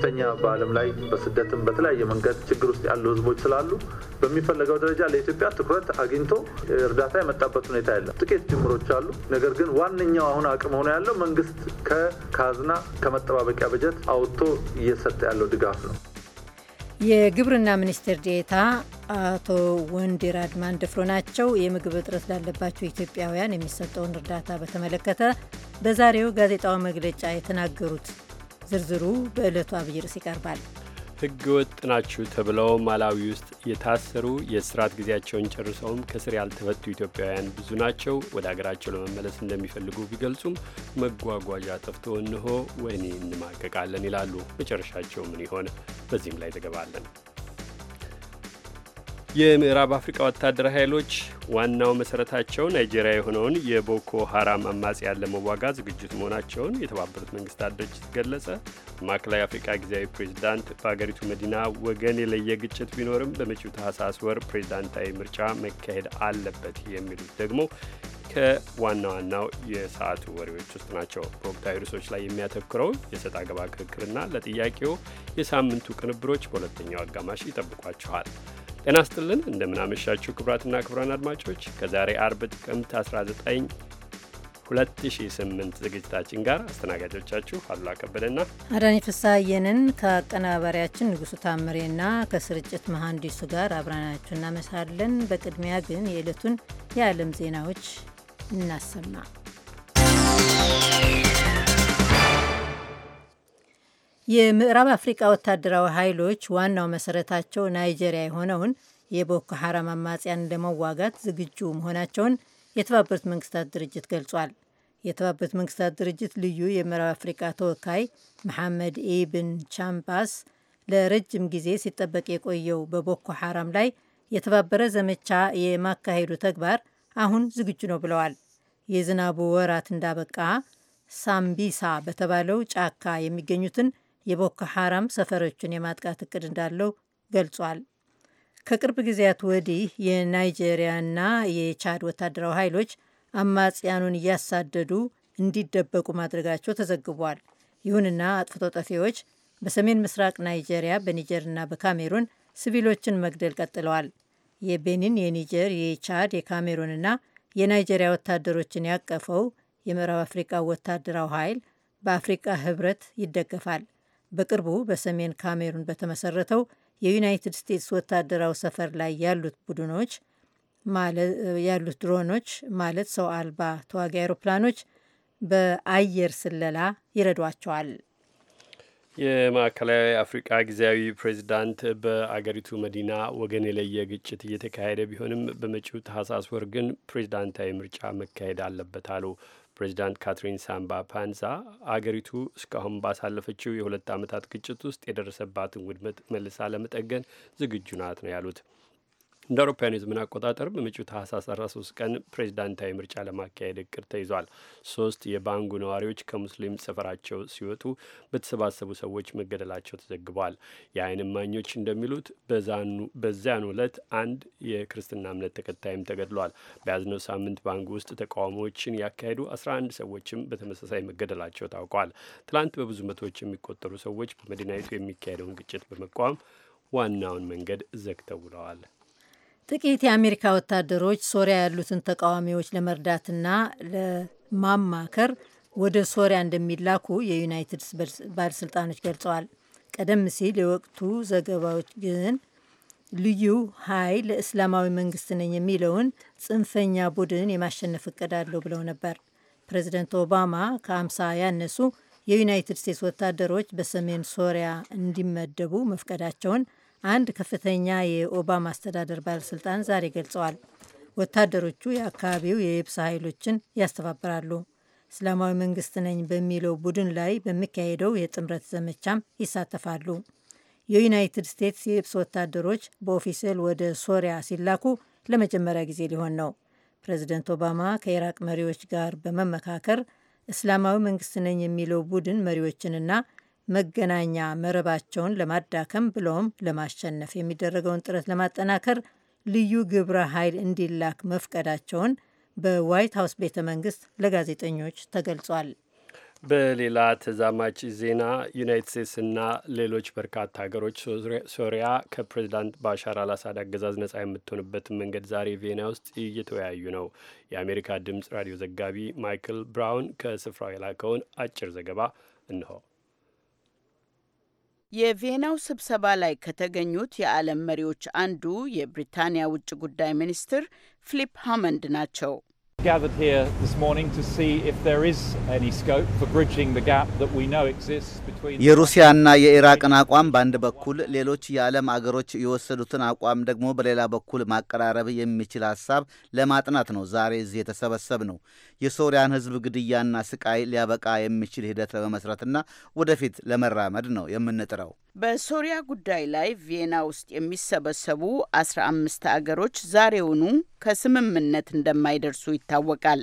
ከፍተኛ በዓለም ላይ በስደትም በተለያየ መንገድ ችግር ውስጥ ያሉ ህዝቦች ስላሉ በሚፈለገው ደረጃ ለኢትዮጵያ ትኩረት አግኝቶ እርዳታ የመጣበት ሁኔታ የለም። ጥቂት ጅምሮች አሉ። ነገር ግን ዋነኛው አሁን አቅም ሆኖ ያለው መንግስት ከካዝና ከመጠባበቂያ በጀት አውጥቶ እየሰጠ ያለው ድጋፍ ነው። የግብርና ሚኒስትር ዴታ አቶ ወንዲር አድማን ደፍሮ ናቸው። የምግብ እጥረት ላለባቸው ኢትዮጵያውያን የሚሰጠውን እርዳታ በተመለከተ በዛሬው ጋዜጣዊ መግለጫ የተናገሩት ዝርዝሩ በዕለቱ አብይ ርዕስ ይቀርባል። ሕገ ወጥ ናችሁ ተብለው ማላዊ ውስጥ የታሰሩ የእስራት ጊዜያቸውን ጨርሰውም ከስር ያልተፈቱ ኢትዮጵያውያን ብዙ ናቸው። ወደ አገራቸው ለመመለስ እንደሚፈልጉ ቢገልጹም መጓጓዣ ጠፍቶ እንሆ ወይኔ እንማቀቃለን ይላሉ። መጨረሻቸው ምን ይሆን? በዚህም ላይ ዘገባ አለን። የምዕራብ አፍሪካ ወታደራዊ ኃይሎች ዋናው መሰረታቸው ናይጄሪያ የሆነውን የቦኮ ሀራም አማጽያን ለመዋጋት ዝግጅት መሆናቸውን የተባበሩት መንግስታት ድርጅት ገለጸ። ማዕከላዊ አፍሪካ ጊዜያዊ ፕሬዚዳንት በአገሪቱ መዲና ወገን የለየ ግጭት ቢኖርም በመጪው ታህሳስ ወር ፕሬዚዳንታዊ ምርጫ መካሄድ አለበት የሚሉት ደግሞ ከዋና ዋናው የሰዓቱ ወሬዎች ውስጥ ናቸው። በወቅታዊ ርዕሶች ላይ የሚያተኩረው የሰጥ አገባ ክርክርና ለጥያቄው የሳምንቱ ቅንብሮች በሁለተኛው አጋማሽ ይጠብቋችኋል። ጤና ስጥልን እንደምናመሻችሁ ክቡራትና ክቡራን አድማጮች ከዛሬ አርብ ጥቅምት 19 2008 ዝግጅታችን ጋር አስተናጋጆቻችሁ አሉላ ከበደና አዳኒ ፍሳየንን ከአቀናባሪያችን ንጉሱ ታምሬና ከስርጭት መሐንዲሱ ጋር አብረናችሁ እናመሳለን። በቅድሚያ ግን የዕለቱን የዓለም ዜናዎች እናሰማ። የምዕራብ አፍሪቃ ወታደራዊ ኃይሎች ዋናው መሰረታቸው ናይጄሪያ የሆነውን የቦኮ ሐራም አማጽያን ለመዋጋት ዝግጁ መሆናቸውን የተባበሩት መንግስታት ድርጅት ገልጿል። የተባበሩት መንግስታት ድርጅት ልዩ የምዕራብ አፍሪቃ ተወካይ መሐመድ ኢብን ቻምባስ ለረጅም ጊዜ ሲጠበቅ የቆየው በቦኮ ሐራም ላይ የተባበረ ዘመቻ የማካሄዱ ተግባር አሁን ዝግጁ ነው ብለዋል። የዝናቡ ወራት እንዳበቃ ሳምቢሳ በተባለው ጫካ የሚገኙትን የቦኮ ሐራም ሰፈሮችን የማጥቃት እቅድ እንዳለው ገልጿል። ከቅርብ ጊዜያት ወዲህ የናይጄሪያና የቻድ ወታደራዊ ኃይሎች አማጽያኑን እያሳደዱ እንዲደበቁ ማድረጋቸው ተዘግቧል። ይሁንና አጥፍቶ ጠፊዎች በሰሜን ምስራቅ ናይጄሪያ በኒጀርና በካሜሩን ሲቪሎችን መግደል ቀጥለዋል። የቤኒን፣ የኒጀር፣ የቻድ፣ የካሜሩንና የናይጄሪያ ወታደሮችን ያቀፈው የምዕራብ አፍሪቃ ወታደራዊ ኃይል በአፍሪቃ ህብረት ይደገፋል። በቅርቡ በሰሜን ካሜሩን በተመሰረተው የዩናይትድ ስቴትስ ወታደራዊ ሰፈር ላይ ያሉት ቡድኖች ያሉት ድሮኖች ማለት ሰው አልባ ተዋጊ አውሮፕላኖች በአየር ስለላ ይረዷቸዋል። የማዕከላዊ አፍሪቃ ጊዜያዊ ፕሬዚዳንት በአገሪቱ መዲና ወገን የለየ ግጭት እየተካሄደ ቢሆንም በመጪው ታህሳስ ወር ግን ፕሬዚዳንታዊ ምርጫ መካሄድ አለበት አሉ። ፕሬዚዳንት ካትሪን ሳምባ ፓንዛ አገሪቱ እስካሁን ባሳለፈችው የሁለት ዓመታት ግጭት ውስጥ የደረሰባትን ውድመት መልሳ ለመጠገን ዝግጁ ናት ነው ያሉት። እንደ አውሮፓውያን የዘመን አቆጣጠር በመጪው ታህሳስ 13 ቀን ፕሬዚዳንታዊ ምርጫ ለማካሄድ እቅድ ተይዟል። ሶስት የባንጉ ነዋሪዎች ከሙስሊም ሰፈራቸው ሲወጡ በተሰባሰቡ ሰዎች መገደላቸው ተዘግቧል። የዓይን እማኞች እንደሚሉት በዚያን ዕለት አንድ የክርስትና እምነት ተከታይም ተገድሏል። በያዝነው ሳምንት ባንጉ ውስጥ ተቃውሞዎችን ያካሄዱ 11 ሰዎችም በተመሳሳይ መገደላቸው ታውቋል። ትላንት በብዙ መቶዎች የሚቆጠሩ ሰዎች በመዲናይቱ የሚካሄደውን ግጭት በመቃወም ዋናውን መንገድ ዘግተው ውለዋል። ጥቂት የአሜሪካ ወታደሮች ሶሪያ ያሉትን ተቃዋሚዎች ለመርዳትና ለማማከር ወደ ሶሪያ እንደሚላኩ የዩናይትድ ባለስልጣኖች ገልጸዋል። ቀደም ሲል የወቅቱ ዘገባዎች ግን ልዩ ኃይል እስላማዊ መንግስት ነኝ የሚለውን ጽንፈኛ ቡድን የማሸነፍ እቅድ አለው ብለው ነበር። ፕሬዚደንት ኦባማ ከአምሳ ያነሱ የዩናይትድ ስቴትስ ወታደሮች በሰሜን ሶሪያ እንዲመደቡ መፍቀዳቸውን አንድ ከፍተኛ የኦባማ አስተዳደር ባለስልጣን ዛሬ ገልጸዋል። ወታደሮቹ የአካባቢው የየብስ ኃይሎችን ያስተባብራሉ፣ እስላማዊ መንግስት ነኝ በሚለው ቡድን ላይ በሚካሄደው የጥምረት ዘመቻም ይሳተፋሉ። የዩናይትድ ስቴትስ የየብስ ወታደሮች በኦፊሴል ወደ ሶሪያ ሲላኩ ለመጀመሪያ ጊዜ ሊሆን ነው። ፕሬዚደንት ኦባማ ከኢራቅ መሪዎች ጋር በመመካከር እስላማዊ መንግስት ነኝ የሚለው ቡድን መሪዎችንና መገናኛ መረባቸውን ለማዳከም ብሎም ለማሸነፍ የሚደረገውን ጥረት ለማጠናከር ልዩ ግብረ ኃይል እንዲላክ መፍቀዳቸውን በዋይት ሀውስ ቤተ መንግስት ለጋዜጠኞች ተገልጿል። በሌላ ተዛማች ዜና ዩናይት ስቴትስና ሌሎች በርካታ ሀገሮች ሶሪያ ከፕሬዚዳንት ባሻር አልአሳድ አገዛዝ ነጻ የምትሆንበትን መንገድ ዛሬ ቬና ውስጥ እየተወያዩ ነው። የአሜሪካ ድምጽ ራዲዮ ዘጋቢ ማይክል ብራውን ከስፍራው የላከውን አጭር ዘገባ እንሆ የቪየናው ስብሰባ ላይ ከተገኙት የዓለም መሪዎች አንዱ የብሪታንያ ውጭ ጉዳይ ሚኒስትር ፊሊፕ ሃመንድ ናቸው። የሩሲያና የኢራቅን አቋም በአንድ በኩል ሌሎች የዓለም አገሮች የወሰዱትን አቋም ደግሞ በሌላ በኩል ማቀራረብ የሚችል ሀሳብ ለማጥናት ነው ዛሬ እዚህ የተሰበሰብ ነው። የሶሪያን ህዝብ ግድያና ስቃይ ሊያበቃ የሚችል ሂደት ለመመስረትና ወደፊት ለመራመድ ነው የምንጥረው። በሶሪያ ጉዳይ ላይ ቪየና ውስጥ የሚሰበሰቡ አስራ አምስት አገሮች ዛሬውኑ ከስምምነት እንደማይደርሱ ይታወቃል።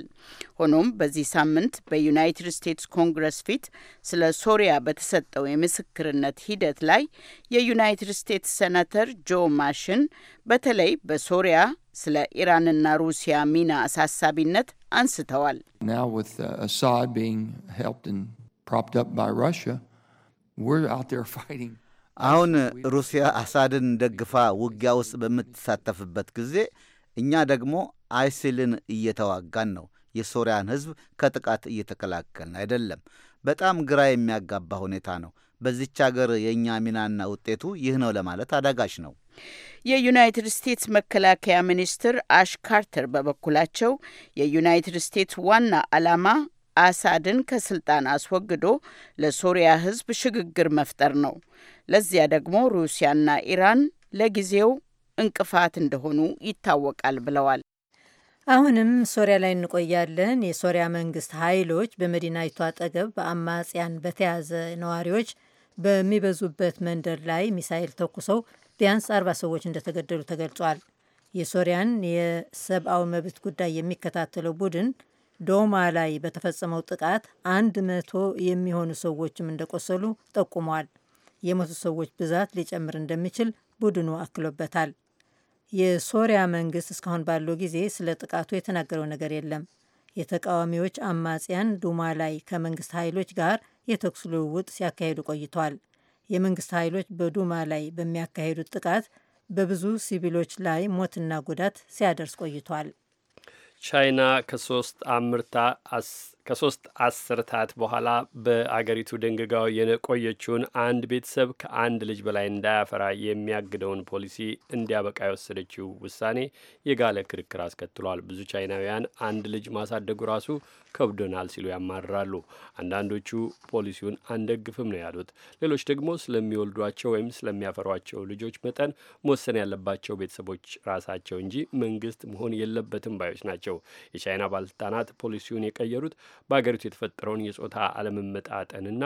ሆኖም በዚህ ሳምንት በዩናይትድ ስቴትስ ኮንግረስ ፊት ስለ ሶሪያ በተሰጠው የምስክርነት ሂደት ላይ የዩናይትድ ስቴትስ ሰናተር ጆ ማሽን በተለይ በሶሪያ ስለ ኢራንና ሩሲያ ሚና አሳሳቢነት አንስተዋል። uh, አሁን ሩሲያ አሳድን ደግፋ ውጊያ ውስጥ በምትሳተፍበት ጊዜ እኛ ደግሞ አይሲልን እየተዋጋን ነው። የሶሪያን ሕዝብ ከጥቃት እየተከላከልን አይደለም። በጣም ግራ የሚያጋባ ሁኔታ ነው። በዚች አገር የእኛ ሚናና ውጤቱ ይህ ነው ለማለት አዳጋች ነው። የዩናይትድ ስቴትስ መከላከያ ሚኒስትር አሽ ካርተር በበኩላቸው የዩናይትድ ስቴትስ ዋና ዓላማ አሳድን ከስልጣን አስወግዶ ለሶሪያ ሕዝብ ሽግግር መፍጠር ነው። ለዚያ ደግሞ ሩሲያና ኢራን ለጊዜው እንቅፋት እንደሆኑ ይታወቃል ብለዋል። አሁንም ሶሪያ ላይ እንቆያለን። የሶሪያ መንግስት ኃይሎች በመዲናይቱ አጠገብ በአማጽያን በተያዘ ነዋሪዎች በሚበዙበት መንደር ላይ ሚሳኤል ተኩሰው ቢያንስ አርባ ሰዎች እንደተገደሉ ተገልጿል። የሶሪያን የሰብአዊ መብት ጉዳይ የሚከታተለው ቡድን ዶማ ላይ በተፈጸመው ጥቃት አንድ መቶ የሚሆኑ ሰዎችም እንደቆሰሉ ጠቁሟል። የሞቱ ሰዎች ብዛት ሊጨምር እንደሚችል ቡድኑ አክሎበታል። የሶሪያ መንግስት እስካሁን ባለው ጊዜ ስለ ጥቃቱ የተናገረው ነገር የለም። የተቃዋሚዎች አማጽያን ዱማ ላይ ከመንግስት ኃይሎች ጋር የተኩስ ልውውጥ ሲያካሄዱ ቆይተዋል። የመንግስት ኃይሎች በዱማ ላይ በሚያካሂዱት ጥቃት በብዙ ሲቪሎች ላይ ሞትና ጉዳት ሲያደርስ ቆይቷል። ቻይና ከሶስት አምርታ ከሶስት አስርታት በኋላ በአገሪቱ ደንግጋው የቆየችውን አንድ ቤተሰብ ከአንድ ልጅ በላይ እንዳያፈራ የሚያግደውን ፖሊሲ እንዲያበቃ የወሰደችው ውሳኔ የጋለ ክርክር አስከትሏል። ብዙ ቻይናውያን አንድ ልጅ ማሳደጉ ራሱ ከብዶናል ሲሉ ያማርራሉ። አንዳንዶቹ ፖሊሲውን አንደግፍም ነው ያሉት። ሌሎች ደግሞ ስለሚወልዷቸው ወይም ስለሚያፈሯቸው ልጆች መጠን መወሰን ያለባቸው ቤተሰቦች ራሳቸው እንጂ መንግስት መሆን የለበትም ባዮች ናቸው። የቻይና ባለስልጣናት ፖሊሲውን የቀየሩት በሀገሪቱ የተፈጠረውን የጾታ አለመመጣጠንና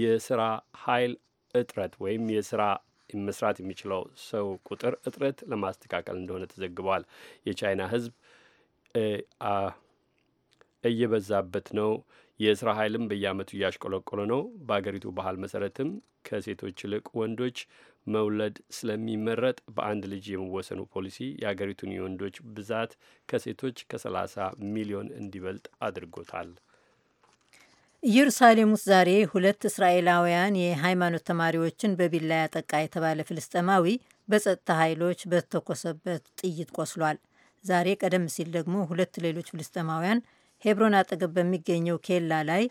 የስራ ኃይል እጥረት ወይም የስራ መስራት የሚችለው ሰው ቁጥር እጥረት ለማስተካከል እንደሆነ ተዘግቧል። የቻይና ህዝብ እየበዛበት ነው። የስራ ኃይልም በየአመቱ እያሽቆለቆለ ነው። በአገሪቱ ባህል መሰረትም ከሴቶች ይልቅ ወንዶች መውለድ ስለሚመረጥ በአንድ ልጅ የመወሰኑ ፖሊሲ የአገሪቱን የወንዶች ብዛት ከሴቶች ከ30 ሚሊዮን እንዲበልጥ አድርጎታል። ኢየሩሳሌም ውስጥ ዛሬ ሁለት እስራኤላውያን የሃይማኖት ተማሪዎችን በቢላ ያጠቃ የተባለ ፍልስጤማዊ በጸጥታ ኃይሎች በተተኮሰበት ጥይት ቆስሏል። ዛሬ ቀደም ሲል ደግሞ ሁለት ሌሎች ፍልስጤማውያን ሄብሮን አጠገብ በሚገኘው ኬላ ላይ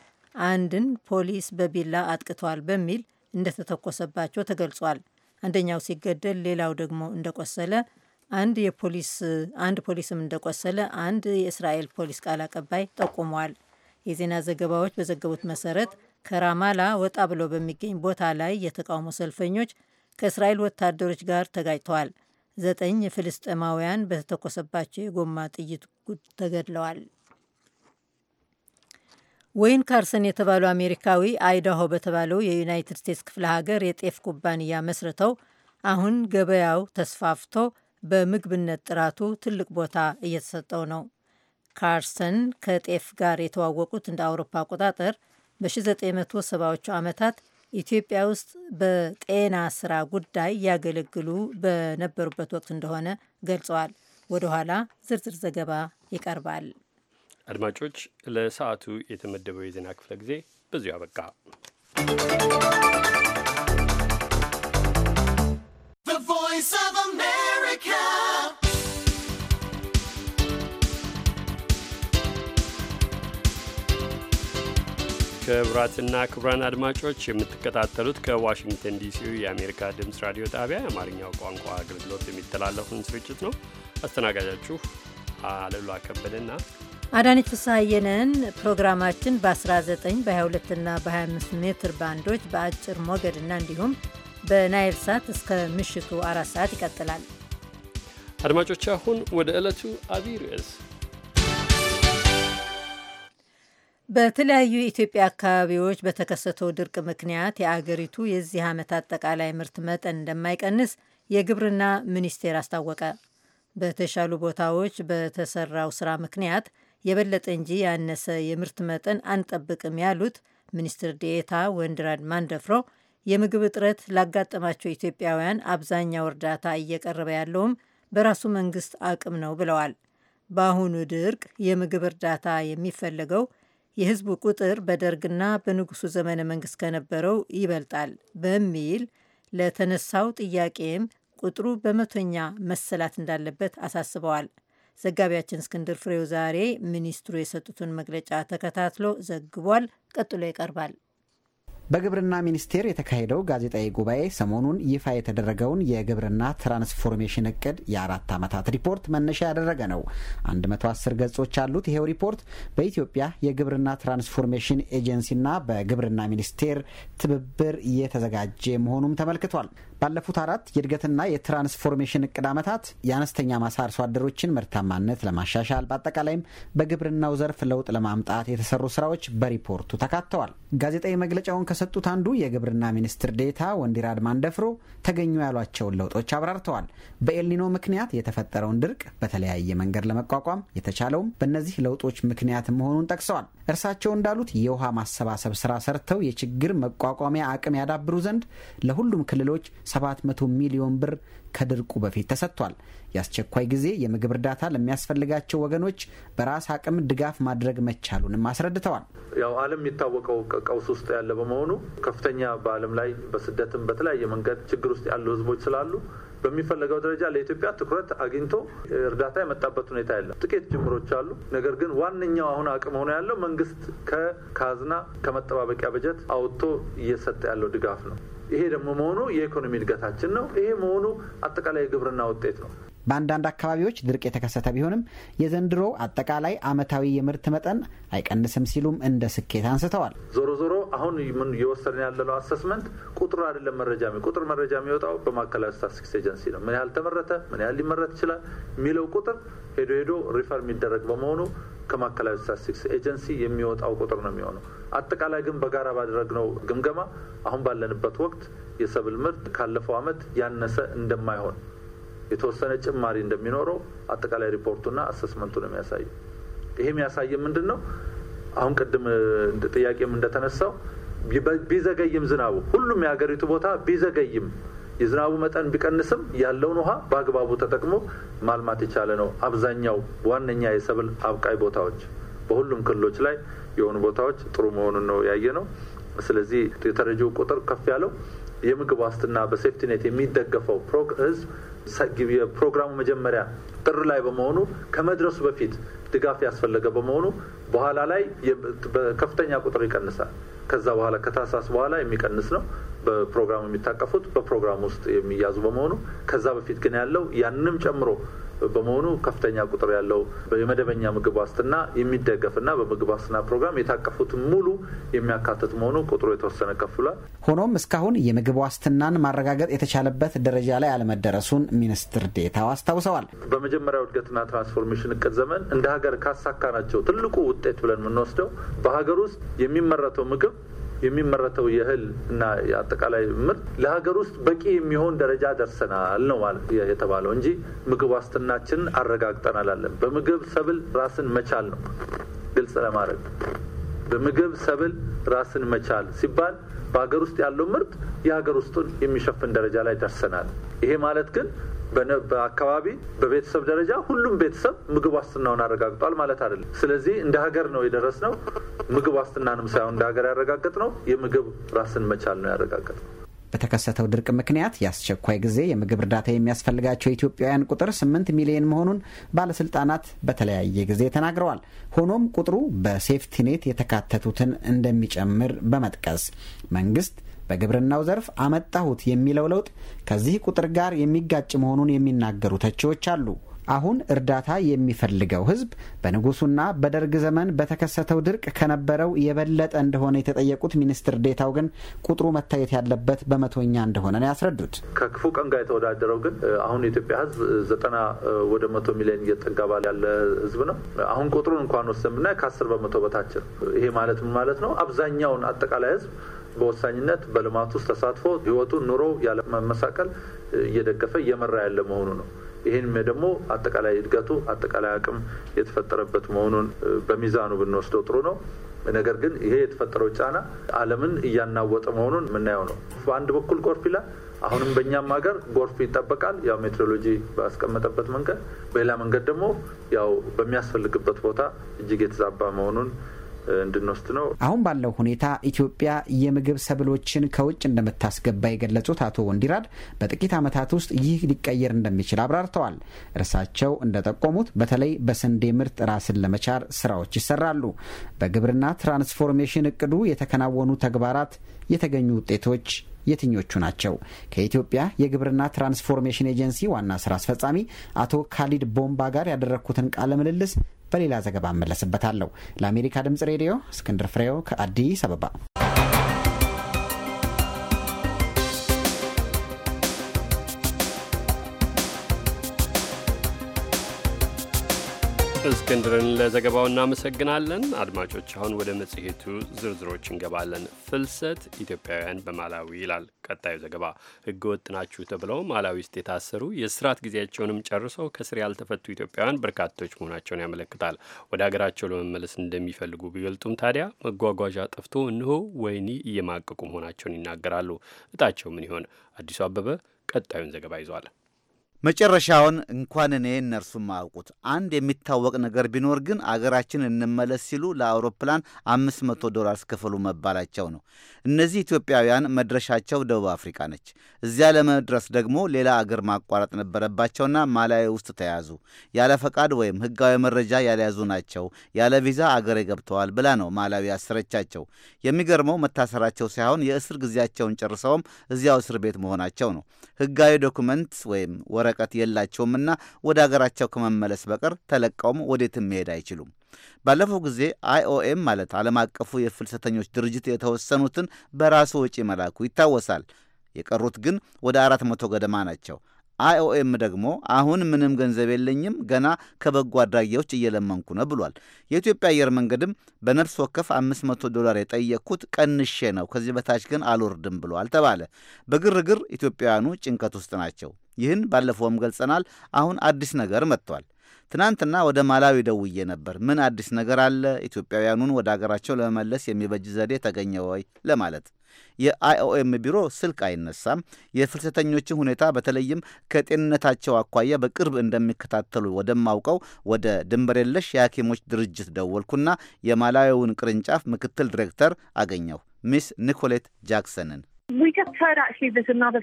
አንድን ፖሊስ በቢላ አጥቅተዋል በሚል እንደተተኮሰባቸው ተገልጿል። አንደኛው ሲገደል ሌላው ደግሞ እንደቆሰለ አንድ የፖሊስ አንድ ፖሊስም እንደቆሰለ አንድ የእስራኤል ፖሊስ ቃል አቀባይ ጠቁሟል። የዜና ዘገባዎች በዘገቡት መሰረት ከራማላ ወጣ ብሎ በሚገኝ ቦታ ላይ የተቃውሞ ሰልፈኞች ከእስራኤል ወታደሮች ጋር ተጋጭተዋል። ዘጠኝ ፍልስጤማውያን በተተኮሰባቸው የጎማ ጥይት ተገድለዋል። ወይን ካርሰን የተባለው አሜሪካዊ አይዳሆ በተባለው የዩናይትድ ስቴትስ ክፍለ ሀገር የጤፍ ኩባንያ መስርተው አሁን ገበያው ተስፋፍቶ በምግብነት ጥራቱ ትልቅ ቦታ እየተሰጠው ነው። ካርሰን ከጤፍ ጋር የተዋወቁት እንደ አውሮፓ አቆጣጠር በ1970ዎቹ ዓመታት ኢትዮጵያ ውስጥ በጤና ስራ ጉዳይ ያገለግሉ በነበሩበት ወቅት እንደሆነ ገልጸዋል። ወደ ኋላ ዝርዝር ዘገባ ይቀርባል። አድማጮች፣ ለሰዓቱ የተመደበው የዜና ክፍለ ጊዜ በዚሁ አበቃ። ቮይስ ኦፍ አሜሪካ ክቡራትና ክቡራን አድማጮች የምትከታተሉት ከዋሽንግተን ዲሲ የአሜሪካ ድምፅ ራዲዮ ጣቢያ የአማርኛው ቋንቋ አገልግሎት የሚተላለፉን ስርጭት ነው። አስተናጋጃችሁ አለሉ ከበደና አዳነች ፍስሐየንን። ፕሮግራማችን በ19 በ22ና በ25 ሜትር ባንዶች በአጭር ሞገድና እንዲሁም በናይል ሳት እስከ ምሽቱ አራት ሰዓት ይቀጥላል። አድማጮች አሁን ወደ ዕለቱ አብይ ርዕስ በተለያዩ የኢትዮጵያ አካባቢዎች በተከሰተው ድርቅ ምክንያት የአገሪቱ የዚህ ዓመት አጠቃላይ ምርት መጠን እንደማይቀንስ የግብርና ሚኒስቴር አስታወቀ። በተሻሉ ቦታዎች በተሰራው ስራ ምክንያት የበለጠ እንጂ ያነሰ የምርት መጠን አንጠብቅም ያሉት ሚኒስትር ዴኤታ ወንድራድ ማንደፍሮ የምግብ እጥረት ላጋጠማቸው ኢትዮጵያውያን አብዛኛው እርዳታ እየቀረበ ያለውም በራሱ መንግስት አቅም ነው ብለዋል። በአሁኑ ድርቅ የምግብ እርዳታ የሚፈለገው የህዝቡ ቁጥር በደርግና በንጉሱ ዘመነ መንግስት ከነበረው ይበልጣል በሚል ለተነሳው ጥያቄም ቁጥሩ በመቶኛ መሰላት እንዳለበት አሳስበዋል። ዘጋቢያችን እስክንድር ፍሬው ዛሬ ሚኒስትሩ የሰጡትን መግለጫ ተከታትሎ ዘግቧል። ቀጥሎ ይቀርባል። በግብርና ሚኒስቴር የተካሄደው ጋዜጣዊ ጉባኤ ሰሞኑን ይፋ የተደረገውን የግብርና ትራንስፎርሜሽን እቅድ የአራት ዓመታት ሪፖርት መነሻ ያደረገ ነው። 110 ገጾች ያሉት ይሄው ሪፖርት በኢትዮጵያ የግብርና ትራንስፎርሜሽን ኤጀንሲና በግብርና ሚኒስቴር ትብብር የተዘጋጀ መሆኑም ተመልክቷል። ባለፉት አራት የእድገትና የትራንስፎርሜሽን እቅድ ዓመታት የአነስተኛ ማሳ አርሶ አደሮችን ምርታማነት ለማሻሻል በአጠቃላይም በግብርናው ዘርፍ ለውጥ ለማምጣት የተሰሩ ስራዎች በሪፖርቱ ተካተዋል። ጋዜጣዊ መግለጫውን ከሰጡት አንዱ የግብርና ሚኒስትር ዴታ ወንዲራድ ማንደፍሮ ተገኙ ያሏቸውን ለውጦች አብራርተዋል። በኤልኒኖ ምክንያት የተፈጠረውን ድርቅ በተለያየ መንገድ ለመቋቋም የተቻለውም በእነዚህ ለውጦች ምክንያት መሆኑን ጠቅሰዋል። እርሳቸው እንዳሉት የውሃ ማሰባሰብ ስራ ሰርተው የችግር መቋቋሚያ አቅም ያዳብሩ ዘንድ ለሁሉም ክልሎች 700 ሚሊዮን ብር ከድርቁ በፊት ተሰጥቷል። የአስቸኳይ ጊዜ የምግብ እርዳታ ለሚያስፈልጋቸው ወገኖች በራስ አቅም ድጋፍ ማድረግ መቻሉንም አስረድተዋል። ያው ዓለም የሚታወቀው ቀውስ ውስጥ ያለ በመሆኑ ከፍተኛ በዓለም ላይ በስደትም በተለያየ መንገድ ችግር ውስጥ ያሉ ህዝቦች ስላሉ በሚፈለገው ደረጃ ለኢትዮጵያ ትኩረት አግኝቶ እርዳታ የመጣበት ሁኔታ የለም። ጥቂት ጅምሮች አሉ። ነገር ግን ዋነኛው አሁን አቅም ሆኖ ያለው መንግስት ከካዝና ከመጠባበቂያ በጀት አውጥቶ እየሰጠ ያለው ድጋፍ ነው። ይሄ ደግሞ መሆኑ የኢኮኖሚ እድገታችን ነው። ይሄ መሆኑ አጠቃላይ የግብርና ውጤት ነው። በአንዳንድ አካባቢዎች ድርቅ የተከሰተ ቢሆንም የዘንድሮ አጠቃላይ አመታዊ የምርት መጠን አይቀንስም ሲሉም እንደ ስኬት አንስተዋል። ዞሮ ዞሮ አሁን ምን እየወሰድን ያለነው አሰስመንት ቁጥሩ አይደለም። መረጃ ቁጥር መረጃ የሚወጣው በማዕከላዊ ስታትስቲክስ ኤጀንሲ ነው። ምን ያህል ተመረተ፣ ምን ያህል ሊመረት ይችላል የሚለው ቁጥር ሄዶ ሄዶ ሪፈር የሚደረግ በመሆኑ ከማዕከላዊ ስታትስቲክስ ኤጀንሲ የሚወጣው ቁጥር ነው የሚሆነው። አጠቃላይ ግን በጋራ ባደረግነው ግምገማ አሁን ባለንበት ወቅት የሰብል ምርት ካለፈው አመት ያነሰ እንደማይሆን የተወሰነ ጭማሪ እንደሚኖረው አጠቃላይ ሪፖርቱና አሰስመንቱ ነው ይህ ይሄ የሚያሳየ ምንድን ነው? አሁን ቅድም ጥያቄም እንደተነሳው ቢዘገይም ዝናቡ ሁሉም የሀገሪቱ ቦታ ቢዘገይም የዝናቡ መጠን ቢቀንስም ያለውን ውሃ በአግባቡ ተጠቅሞ ማልማት የቻለ ነው። አብዛኛው ዋነኛ የሰብል አብቃይ ቦታዎች በሁሉም ክልሎች ላይ የሆኑ ቦታዎች ጥሩ መሆኑን ነው ያየ ነው። ስለዚህ የተረጂው ቁጥር ከፍ ያለው የምግብ ዋስትና በሴፍቲኔት የሚደገፈው ፕሮግ ህዝብ የፕሮግራሙ መጀመሪያ ጥር ላይ በመሆኑ ከመድረሱ በፊት ድጋፍ ያስፈለገ በመሆኑ በኋላ ላይ በከፍተኛ ቁጥር ይቀንሳል። ከዛ በኋላ ከታህሳስ በኋላ የሚቀንስ ነው። በፕሮግራሙ የሚታቀፉት በፕሮግራሙ ውስጥ የሚያዙ በመሆኑ ከዛ በፊት ግን ያለው ያንም ጨምሮ በመሆኑ ከፍተኛ ቁጥር ያለው የመደበኛ ምግብ ዋስትና የሚደገፍና በምግብ ዋስትና ፕሮግራም የታቀፉትን ሙሉ የሚያካትት መሆኑ ቁጥሩ የተወሰነ ከፍ ብሏል። ሆኖም እስካሁን የምግብ ዋስትናን ማረጋገጥ የተቻለበት ደረጃ ላይ አለመደረሱን ሚኒስትር ዴታው አስታውሰዋል። በመጀመሪያው እድገትና ትራንስፎርሜሽን እቅድ ዘመን እንደ ሀገር ካሳካናቸው ትልቁ ውጤት ብለን የምንወስደው በሀገር ውስጥ የሚመረተው ምግብ የሚመረተው የእህል እና የአጠቃላይ ምርት ለሀገር ውስጥ በቂ የሚሆን ደረጃ ደርሰናል ነው የተባለው እንጂ ምግብ ዋስትናችንን አረጋግጠናል አለን። በምግብ ሰብል ራስን መቻል ነው ግልጽ ለማድረግ በምግብ ሰብል ራስን መቻል ሲባል በሀገር ውስጥ ያለው ምርት የሀገር ውስጡን የሚሸፍን ደረጃ ላይ ደርሰናል። ይሄ ማለት ግን በአካባቢ በቤተሰብ ደረጃ ሁሉም ቤተሰብ ምግብ ዋስትናውን አረጋግጧል ማለት አይደለም። ስለዚህ እንደ ሀገር ነው የደረስ ነው። ምግብ ዋስትናንም ሳይሆን እንደ ሀገር ያረጋገጥ ነው የምግብ ራስን መቻል ነው ያረጋገጥ ነው። በተከሰተው ድርቅ ምክንያት የአስቸኳይ ጊዜ የምግብ እርዳታ የሚያስፈልጋቸው ኢትዮጵያውያን ቁጥር 8 ሚሊዮን መሆኑን ባለስልጣናት በተለያየ ጊዜ ተናግረዋል። ሆኖም ቁጥሩ በሴፍቲኔት የተካተቱትን እንደሚጨምር በመጥቀስ መንግስት በግብርናው ዘርፍ አመጣሁት የሚለው ለውጥ ከዚህ ቁጥር ጋር የሚጋጭ መሆኑን የሚናገሩ ተቺዎች አሉ። አሁን እርዳታ የሚፈልገው ህዝብ በንጉሱና በደርግ ዘመን በተከሰተው ድርቅ ከነበረው የበለጠ እንደሆነ የተጠየቁት ሚኒስትር ዴታው ግን ቁጥሩ መታየት ያለበት በመቶኛ እንደሆነ ነው ያስረዱት። ከክፉ ቀን ጋር የተወዳደረው ግን አሁን የኢትዮጵያ ህዝብ ዘጠና ወደ መቶ ሚሊዮን እየጠጋ ያለ ህዝብ ነው። አሁን ቁጥሩን እንኳን ወስደን ብናይ ከአስር በመቶ በታች ነው። ይሄ ማለት ምን ማለት ነው? አብዛኛውን አጠቃላይ ህዝብ በወሳኝነት በልማት ውስጥ ተሳትፎ ህይወቱን ኑሮ ያለመመሳቀል እየደገፈ እየመራ ያለ መሆኑ ነው። ይህም ደግሞ አጠቃላይ እድገቱ አጠቃላይ አቅም የተፈጠረበት መሆኑን በሚዛኑ ብንወስደው ጥሩ ነው። ነገር ግን ይሄ የተፈጠረው ጫና ዓለምን እያናወጠ መሆኑን የምናየው ነው። በአንድ በኩል ጎርፍ ይላል። አሁንም በእኛም ሀገር ጎርፍ ይጠበቃል፣ ያው ሜትሮሎጂ ባስቀመጠበት መንገድ። በሌላ መንገድ ደግሞ ያው በሚያስፈልግበት ቦታ እጅግ የተዛባ መሆኑን እንድንወስድ ነው። አሁን ባለው ሁኔታ ኢትዮጵያ የምግብ ሰብሎችን ከውጭ እንደምታስገባ የገለጹት አቶ ወንዲራድ በጥቂት ዓመታት ውስጥ ይህ ሊቀየር እንደሚችል አብራርተዋል። እርሳቸው እንደጠቆሙት በተለይ በስንዴ ምርት ራስን ለመቻር ስራዎች ይሰራሉ። በግብርና ትራንስፎርሜሽን እቅዱ የተከናወኑ ተግባራት የተገኙ ውጤቶች የትኞቹ ናቸው? ከኢትዮጵያ የግብርና ትራንስፎርሜሽን ኤጀንሲ ዋና ስራ አስፈጻሚ አቶ ካሊድ ቦምባ ጋር ያደረግኩትን ቃለ ምልልስ በሌላ ዘገባ እመለስበታለሁ። ለአሜሪካ ድምጽ ሬዲዮ እስክንድር ፍሬው ከአዲስ አበባ እስክንድርን ለዘገባው እናመሰግናለን። አድማጮች፣ አሁን ወደ መጽሔቱ ዝርዝሮች እንገባለን። ፍልሰት ኢትዮጵያውያን በማላዊ ይላል ቀጣዩ ዘገባ። ሕገ ወጥ ናችሁ ተብለው ማላዊ ውስጥ የታሰሩ የእስራት ጊዜያቸውንም ጨርሰው ከስር ያልተፈቱ ኢትዮጵያውያን በርካቶች መሆናቸውን ያመለክታል። ወደ ሀገራቸው ለመመለስ እንደሚፈልጉ ቢገልጡም ታዲያ መጓጓዣ ጠፍቶ እንሆ ወይኒ እየማቀቁ መሆናቸውን ይናገራሉ። እጣቸው ምን ይሆን? አዲሱ አበበ ቀጣዩን ዘገባ ይዟል። መጨረሻውን እንኳን እኔ እነርሱም አያውቁት። አንድ የሚታወቅ ነገር ቢኖር ግን አገራችን እንመለስ ሲሉ ለአውሮፕላን አምስት መቶ ዶላር ስከፈሉ መባላቸው ነው። እነዚህ ኢትዮጵያውያን መድረሻቸው ደቡብ አፍሪካ ነች። እዚያ ለመድረስ ደግሞ ሌላ አገር ማቋረጥ ነበረባቸውና ማላዊ ውስጥ ተያዙ። ያለ ፈቃድ ወይም ሕጋዊ መረጃ ያልያዙ ናቸው፣ ያለ ቪዛ አገሬ ገብተዋል ብላ ነው ማላዊ አስረቻቸው። የሚገርመው መታሰራቸው ሳይሆን የእስር ጊዜያቸውን ጨርሰውም እዚያው እስር ቤት መሆናቸው ነው። ሕጋዊ ዶኩመንት ወይም ወረ ወረቀት የላቸውምና ወደ አገራቸው ከመመለስ በቀር ተለቀውም ወዴትም መሄድ አይችሉም። ባለፈው ጊዜ አይኦኤም ማለት ዓለም አቀፉ የፍልሰተኞች ድርጅት የተወሰኑትን በራሱ ወጪ መላኩ ይታወሳል። የቀሩት ግን ወደ አራት መቶ ገደማ ናቸው። አይኦኤም ደግሞ አሁን ምንም ገንዘብ የለኝም፣ ገና ከበጎ አድራጊዎች እየለመንኩ ነው ብሏል። የኢትዮጵያ አየር መንገድም በነፍስ ወከፍ 500 ዶላር የጠየቅኩት ቀንሼ ነው፣ ከዚህ በታች ግን አልወርድም ብሏል ተባለ። በግርግር ኢትዮጵያውያኑ ጭንቀት ውስጥ ናቸው። ይህን ባለፈውም ገልጸናል። አሁን አዲስ ነገር መጥቷል። ትናንትና ወደ ማላዊ ደውዬ ነበር። ምን አዲስ ነገር አለ? ኢትዮጵያውያኑን ወደ አገራቸው ለመመለስ የሚበጅ ዘዴ ተገኘ ወይ ለማለት። የአይኦኤም ቢሮ ስልክ አይነሳም። የፍልሰተኞችን ሁኔታ በተለይም ከጤንነታቸው አኳያ በቅርብ እንደሚከታተሉ ወደማውቀው ወደ ድንበር የለሽ የሐኪሞች ድርጅት ደወልኩና የማላዊውን ቅርንጫፍ ምክትል ዲሬክተር አገኘሁ፣ ሚስ ኒኮሌት ጃክሰንን Uh, um,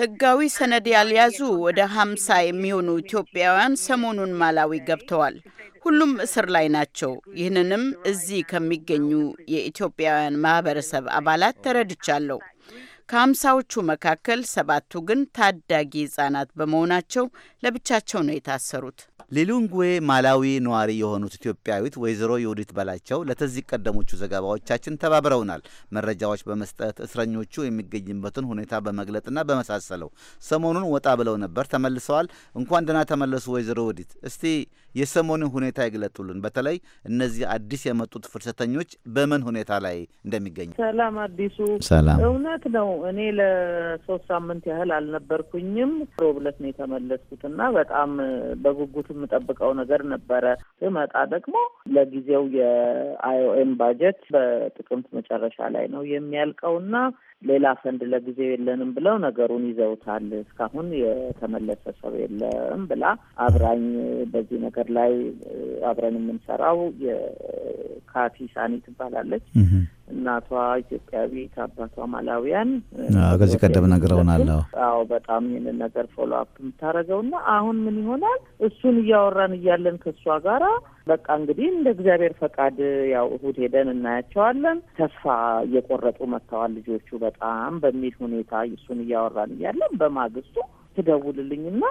ህጋዊ ሰነድ ያልያዙ ወደ ሀምሳ የሚሆኑ ኢትዮጵያውያን ሰሞኑን ማላዊ ገብተዋል። ሁሉም እስር ላይ ናቸው። ይህንንም እዚህ ከሚገኙ የኢትዮጵያውያን ማህበረሰብ አባላት ተረድቻለሁ። ከሀምሳዎቹ መካከል ሰባቱ ግን ታዳጊ ህጻናት በመሆናቸው ለብቻቸው ነው የታሰሩት። ሌሉንጉዌ ማላዊ ነዋሪ የሆኑት ኢትዮጵያዊት ወይዘሮ ይሁዲት በላቸው ለተዚህ ቀደሞቹ ዘገባዎቻችን ተባብረውናል። መረጃዎች በመስጠት እስረኞቹ የሚገኝበትን ሁኔታ በመግለጥና በመሳሰለው። ሰሞኑን ወጣ ብለው ነበር፣ ተመልሰዋል። እንኳን ደህና ተመለሱ ወይዘሮ ይሁዲት። እስቲ የሰሞኑን ሁኔታ ይግለጡልን። በተለይ እነዚህ አዲስ የመጡት ፍልሰተኞች በምን ሁኔታ ላይ እንደሚገኙ። ሰላም አዲሱ፣ ሰላም። እውነት ነው። እኔ ለሶስት ሳምንት ያህል አልነበርኩኝም። ሮብ ዕለት ነው የተመለስኩት እና በጣም በጉጉት የምጠብቀው ነገር ነበረ። ስመጣ ደግሞ ለጊዜው የአይኦኤም ባጀት በጥቅምት መጨረሻ ላይ ነው የሚያልቀው እና ሌላ ፈንድ ለጊዜው የለንም ብለው ነገሩን ይዘውታል። እስካሁን የተመለሰ ሰው የለም ብላ አብራኝ በዚህ ነገር ላይ አብረን የምንሰራው የካቲ ሳኒ ትባላለች እናቷ ኢትዮጵያዊት አባቷ ማላዊያን። ከዚህ ቀደም ነግረውናል። አዎ በጣም ይህንን ነገር ፎሎ አፕ የምታደርገው እና አሁን ምን ይሆናል እሱን እያወራን እያለን ከእሷ ጋራ በቃ እንግዲህ እንደ እግዚአብሔር ፈቃድ ያው እሁድ ሄደን እናያቸዋለን። ተስፋ እየቆረጡ መጥተዋል ልጆቹ በጣም በሚል ሁኔታ እሱን እያወራን እያለን በማግስቱ ትደውልልኝና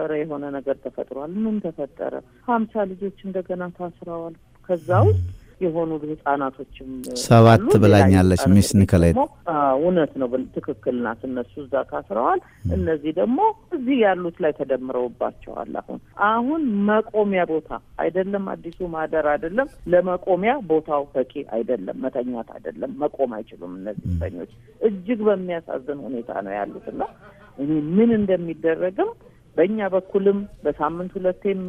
ኧረ የሆነ ነገር ተፈጥሯል። ምን ተፈጠረ? ሀምሳ ልጆች እንደገና ታስረዋል ከዛ ውስጥ የሆኑ ህጻናቶችም ሰባት ብላኛለች ሚስ ኒከላይት። እውነት ነው፣ ትክክል ናት። እነሱ እዛ ታስረዋል። እነዚህ ደግሞ እዚህ ያሉት ላይ ተደምረውባቸዋል። አሁን አሁን መቆሚያ ቦታ አይደለም፣ አዲሱ ማደር አይደለም፣ ለመቆሚያ ቦታው በቂ አይደለም፣ መተኛት አይደለም፣ መቆም አይችሉም። እነዚህ እስረኞች እጅግ በሚያሳዝን ሁኔታ ነው ያሉትና እኔ ምን እንደሚደረግም በእኛ በኩልም በሳምንት ሁለቴም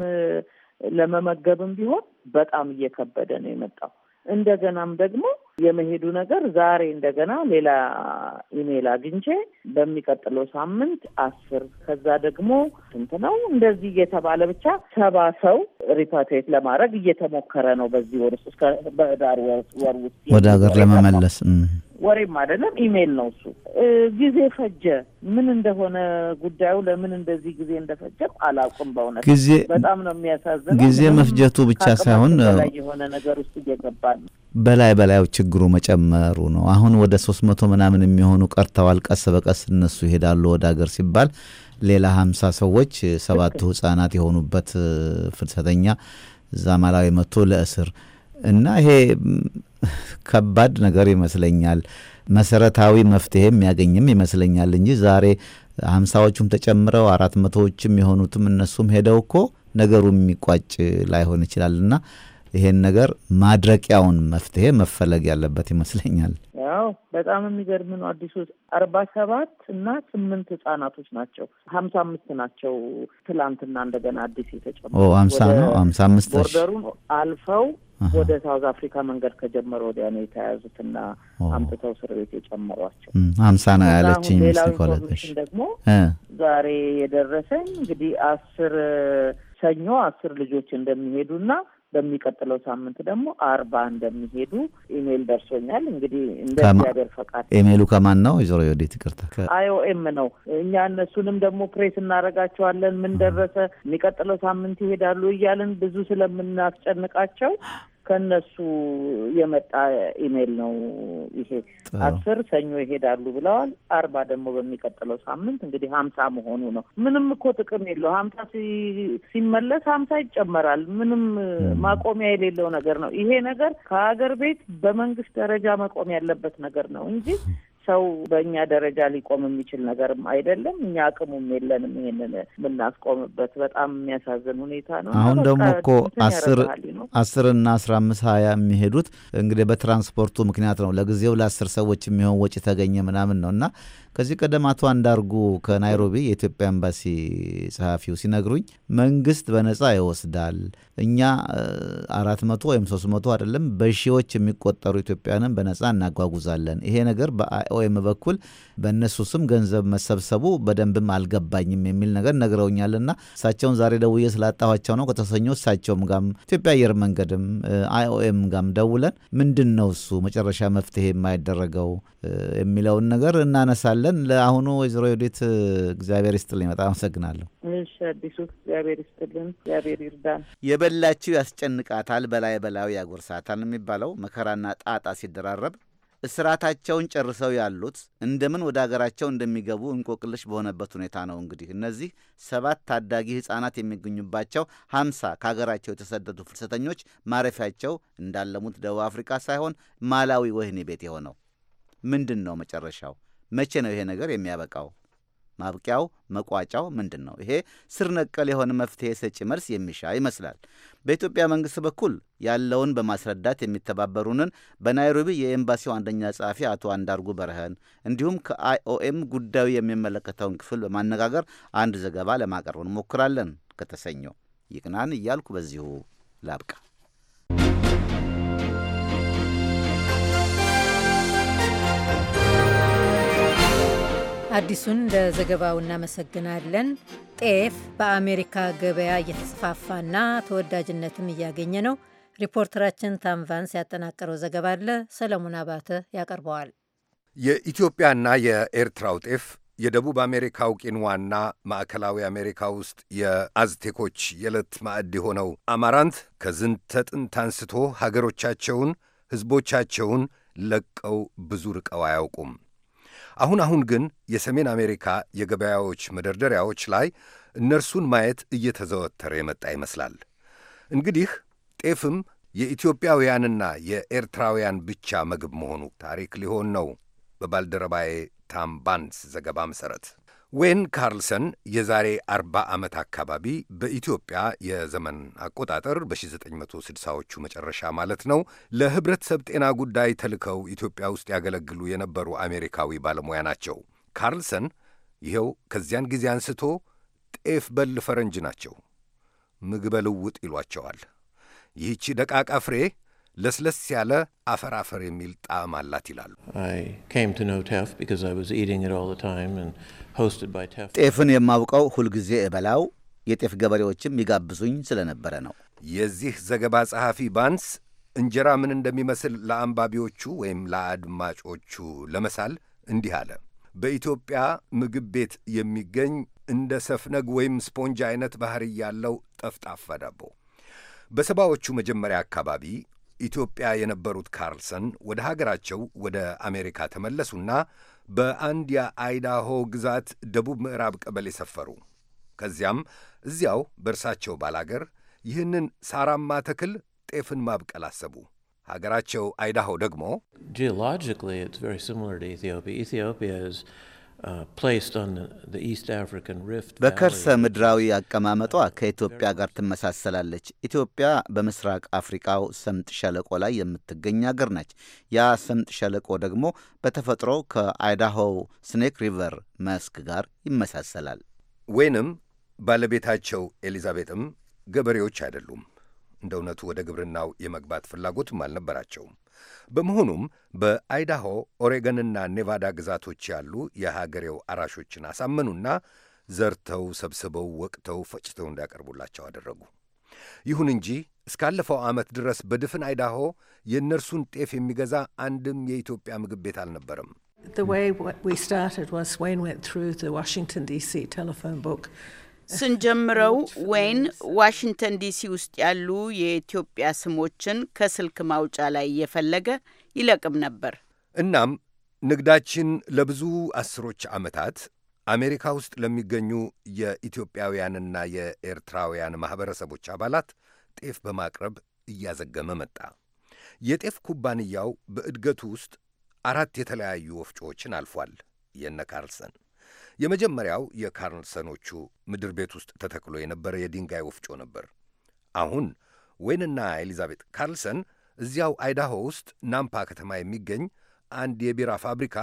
ለመመገብም ቢሆን በጣም እየከበደ ነው የመጣው። እንደገናም ደግሞ የመሄዱ ነገር ዛሬ እንደገና ሌላ ኢሜይል አግኝቼ በሚቀጥለው ሳምንት አስር ከዛ ደግሞ ስንት ነው እንደዚህ እየተባለ ብቻ ሰባ ሰው ሪፓትሬት ለማድረግ እየተሞከረ ነው በዚህ ወር ውስጥ እስከ ወር ውስጥ ወደ ሀገር ለመመለስ ወሬም አይደለም፣ ኢሜይል ነው እሱ። ጊዜ ፈጀ። ምን እንደሆነ ጉዳዩ ለምን እንደዚህ ጊዜ እንደፈጀም አላውቅም። በእውነት ጊዜ በጣም ነው የሚያሳዝነው። ጊዜ መፍጀቱ ብቻ ሳይሆን የሆነ ነገር ውስጥ እየገባ ነው በላይ በላዩ ችግሩ መጨመሩ ነው። አሁን ወደ ሶስት መቶ ምናምን የሚሆኑ ቀርተዋል። ቀስ በቀስ እነሱ ይሄዳሉ ወደ ሀገር ሲባል ሌላ ሀምሳ ሰዎች ሰባቱ ህጻናት የሆኑበት ፍልሰተኛ እዛ ማላዊ መጥቶ ለእስር እና ይሄ ከባድ ነገር ይመስለኛል። መሰረታዊ መፍትሄም ያገኝም ይመስለኛል እንጂ ዛሬ ሀምሳዎቹም ተጨምረው አራት መቶዎችም የሆኑትም እነሱም ሄደው እኮ ነገሩ የሚቋጭ ላይሆን ይችላል እና ይሄን ነገር ማድረቂያውን መፍትሄ መፈለግ ያለበት ይመስለኛል። ያው በጣም የሚገርም ነው። አዲሱ አርባ ሰባት እና ስምንት ህጻናቶች ናቸው። ሀምሳ አምስት ናቸው። ትላንትና እንደገና አዲስ የተጨመረ ሀምሳ ነው። ሀምሳ አምስት ቦርደሩን አልፈው ወደ ሳውዝ አፍሪካ መንገድ ከጀመረ ወዲያ ነው የተያዙትና አምጥተው እስር ቤት የጨመሯቸው። አምሳ ነው ያለችኝ። ሌላው ደግሞ ዛሬ የደረሰኝ እንግዲህ አስር ሰኞ አስር ልጆች እንደሚሄዱና በሚቀጥለው ሳምንት ደግሞ አርባ እንደሚሄዱ ኢሜይል ደርሶኛል። እንግዲህ እንደ እግዚአብሔር ፈቃድ። ኢሜይሉ ከማን ነው? ወይዘሮ የወዴት ይቅርታ፣ ከአይኦኤም ነው። እኛ እነሱንም ደግሞ ፕሬስ እናደርጋቸዋለን። ምን ደረሰ፣ የሚቀጥለው ሳምንት ይሄዳሉ እያልን ብዙ ስለምናስጨንቃቸው ከነሱ የመጣ ኢሜይል ነው ይሄ። አስር ሰኞ ይሄዳሉ ብለዋል። አርባ ደግሞ በሚቀጥለው ሳምንት እንግዲህ ሀምሳ መሆኑ ነው። ምንም እኮ ጥቅም የለው። ሀምሳ ሲመለስ ሀምሳ ይጨመራል። ምንም ማቆሚያ የሌለው ነገር ነው ይሄ ነገር። ከሀገር ቤት በመንግስት ደረጃ መቆም ያለበት ነገር ነው እንጂ ሰው በእኛ ደረጃ ሊቆም የሚችል ነገርም አይደለም። እኛ አቅሙም የለንም ይሄንን የምናስቆምበት በጣም የሚያሳዝን ሁኔታ ነው። አሁን ደግሞ እኮ አስር አስር እና አስራ አምስት ሀያ የሚሄዱት እንግዲህ በትራንስፖርቱ ምክንያት ነው። ለጊዜው ለአስር ሰዎች የሚሆን ወጪ ተገኘ ምናምን ነው እና ከዚህ ቀደም አቶ አንዳርጉ ከናይሮቢ የኢትዮጵያ ኤምባሲ ጸሐፊው ሲነግሩኝ መንግስት በነጻ ይወስዳል፣ እኛ አራት መቶ ወይም ሶስት መቶ አይደለም በሺዎች የሚቆጠሩ ኢትዮጵያንን በነጻ እናጓጉዛለን። ይሄ ነገር በአይኦኤም በኩል በእነሱ ስም ገንዘብ መሰብሰቡ በደንብም አልገባኝም የሚል ነገር ነግረውኛልና እሳቸውን ዛሬ ደውዬ ስላጣኋቸው ነው። ከተሰኞ እሳቸውም ጋም ኢትዮጵያ አየር መንገድም አይኦኤም ጋም ደውለን ምንድን ነው እሱ መጨረሻ መፍትሄ የማይደረገው የሚለውን ነገር እናነሳለን። እናመሰግናለን። ለአሁኑ ወይዘሮ ዩዲት እግዚአብሔር ይስጥልኝ፣ በጣም አመሰግናለሁ። እሺ አዲሱ እግዚአብሔር ይስጥልን፣ እግዚአብሔር ይርዳን። የበላችው ያስጨንቃታል፣ በላይ በላዩ ያጎርሳታል የሚባለው መከራና ጣጣ ሲደራረብ እስራታቸውን ጨርሰው ያሉት እንደምን ወደ አገራቸው እንደሚገቡ እንቆቅልሽ በሆነበት ሁኔታ ነው። እንግዲህ እነዚህ ሰባት ታዳጊ ሕፃናት የሚገኙባቸው ሀምሳ ከሀገራቸው የተሰደዱ ፍልሰተኞች ማረፊያቸው እንዳለሙት ደቡብ አፍሪካ ሳይሆን ማላዊ ወህኒ ቤት የሆነው ምንድን ነው መጨረሻው? መቼ ነው ይሄ ነገር የሚያበቃው? ማብቂያው መቋጫው ምንድን ነው? ይሄ ስር ነቀል የሆነ መፍትሄ ሰጪ መልስ የሚሻ ይመስላል። በኢትዮጵያ መንግስት በኩል ያለውን በማስረዳት የሚተባበሩንን በናይሮቢ የኤምባሲው አንደኛ ጸሐፊ አቶ አንዳርጉ በረህን እንዲሁም ከአይኦኤም ጉዳዩ የሚመለከተውን ክፍል በማነጋገር አንድ ዘገባ ለማቀረብ እንሞክራለን። ከተሰኘው ይቅናን እያልኩ በዚሁ ላብቃ። አዲሱን ለዘገባው እናመሰግናለን። ጤፍ በአሜሪካ ገበያ እየተስፋፋና ተወዳጅነትም እያገኘ ነው። ሪፖርተራችን ታምቫንስ ያጠናቀረው ዘገባ አለ። ሰለሞን አባተ ያቀርበዋል። የኢትዮጵያና የኤርትራው ጤፍ የደቡብ አሜሪካው ቂንዋና ማዕከላዊ አሜሪካ ውስጥ የአዝቴኮች የዕለት ማዕድ የሆነው አማራንት ከዝንተ ጥንት አንስቶ ሀገሮቻቸውን፣ ሕዝቦቻቸውን ለቀው ብዙ ርቀው አያውቁም። አሁን አሁን ግን የሰሜን አሜሪካ የገበያዎች መደርደሪያዎች ላይ እነርሱን ማየት እየተዘወተረ የመጣ ይመስላል። እንግዲህ ጤፍም የኢትዮጵያውያንና የኤርትራውያን ብቻ ምግብ መሆኑ ታሪክ ሊሆን ነው በባልደረባዬ ታም ባንስ ዘገባ መሠረት ዌን ካርልሰን የዛሬ 40 ዓመት አካባቢ በኢትዮጵያ የዘመን አቆጣጠር በ1960ዎቹ መጨረሻ ማለት ነው ለሕብረተሰብ ጤና ጉዳይ ተልከው ኢትዮጵያ ውስጥ ያገለግሉ የነበሩ አሜሪካዊ ባለሙያ ናቸው። ካርልሰን ይኸው ከዚያን ጊዜ አንስቶ ጤፍ በል ፈረንጅ ናቸው። ምግበ ልውጥ ይሏቸዋል። ይህቺ ደቃቃ ፍሬ ለስለስ ያለ አፈር አፈር የሚል ጣዕም አላት ይላሉ። ጤፍን የማውቀው ሁልጊዜ እበላው የጤፍ ገበሬዎችም ይጋብዙኝ ስለነበረ ነው። የዚህ ዘገባ ጸሐፊ ባንስ እንጀራ ምን እንደሚመስል ለአንባቢዎቹ ወይም ለአድማጮቹ ለመሳል እንዲህ አለ። በኢትዮጵያ ምግብ ቤት የሚገኝ እንደ ሰፍነግ ወይም ስፖንጅ አይነት ባህሪ ያለው ጠፍጣፋ ዳቦ በሰባዎቹ መጀመሪያ አካባቢ ኢትዮጵያ የነበሩት ካርልሰን ወደ ሀገራቸው ወደ አሜሪካ ተመለሱና በአንድ የአይዳሆ ግዛት ደቡብ ምዕራብ ቀበሌ ሰፈሩ። ከዚያም እዚያው በእርሳቸው ባላገር ይህንን ሳራማ ተክል ጤፍን ማብቀል አሰቡ። ሀገራቸው አይዳሆ ደግሞ ጂኦሎጂካሊ ኢትስ ቨሪ ሲሚላር ቱ ኢትዮጵያ ኢትዮጵያ Uh, በከርሰ ምድራዊ አቀማመጧ ከኢትዮጵያ ጋር ትመሳሰላለች። ኢትዮጵያ በምስራቅ አፍሪካው ሰምጥ ሸለቆ ላይ የምትገኝ አገር ነች። ያ ሰምጥ ሸለቆ ደግሞ በተፈጥሮ ከአይዳሆ ስኔክ ሪቨር መስክ ጋር ይመሳሰላል። ወይንም ባለቤታቸው ኤሊዛቤትም ገበሬዎች አይደሉም። እንደ እውነቱ ወደ ግብርናው የመግባት ፍላጎትም አልነበራቸውም። በመሆኑም በአይዳሆ ኦሬገንና ኔቫዳ ግዛቶች ያሉ የሀገሬው አራሾችን አሳመኑና ዘርተው፣ ሰብስበው፣ ወቅተው፣ ፈጭተው እንዲያቀርቡላቸው አደረጉ። ይሁን እንጂ እስካለፈው ዓመት ድረስ በድፍን አይዳሆ የእነርሱን ጤፍ የሚገዛ አንድም የኢትዮጵያ ምግብ ቤት አልነበረም። The way we started was Wayne went through the Washington, D.C. telephone book ስንጀምረው ወይን ዋሽንግተን ዲሲ ውስጥ ያሉ የኢትዮጵያ ስሞችን ከስልክ ማውጫ ላይ እየፈለገ ይለቅም ነበር። እናም ንግዳችን ለብዙ አስሮች ዓመታት አሜሪካ ውስጥ ለሚገኙ የኢትዮጵያውያንና የኤርትራውያን ማኅበረሰቦች አባላት ጤፍ በማቅረብ እያዘገመ መጣ። የጤፍ ኩባንያው በእድገቱ ውስጥ አራት የተለያዩ ወፍጮዎችን አልፏል። የነ ካርልሰን የመጀመሪያው የካርልሰኖቹ ምድር ቤት ውስጥ ተተክሎ የነበረ የድንጋይ ወፍጮ ነበር። አሁን ወይንና ኤሊዛቤት ካርልሰን እዚያው አይዳሆ ውስጥ ናምፓ ከተማ የሚገኝ አንድ የቢራ ፋብሪካ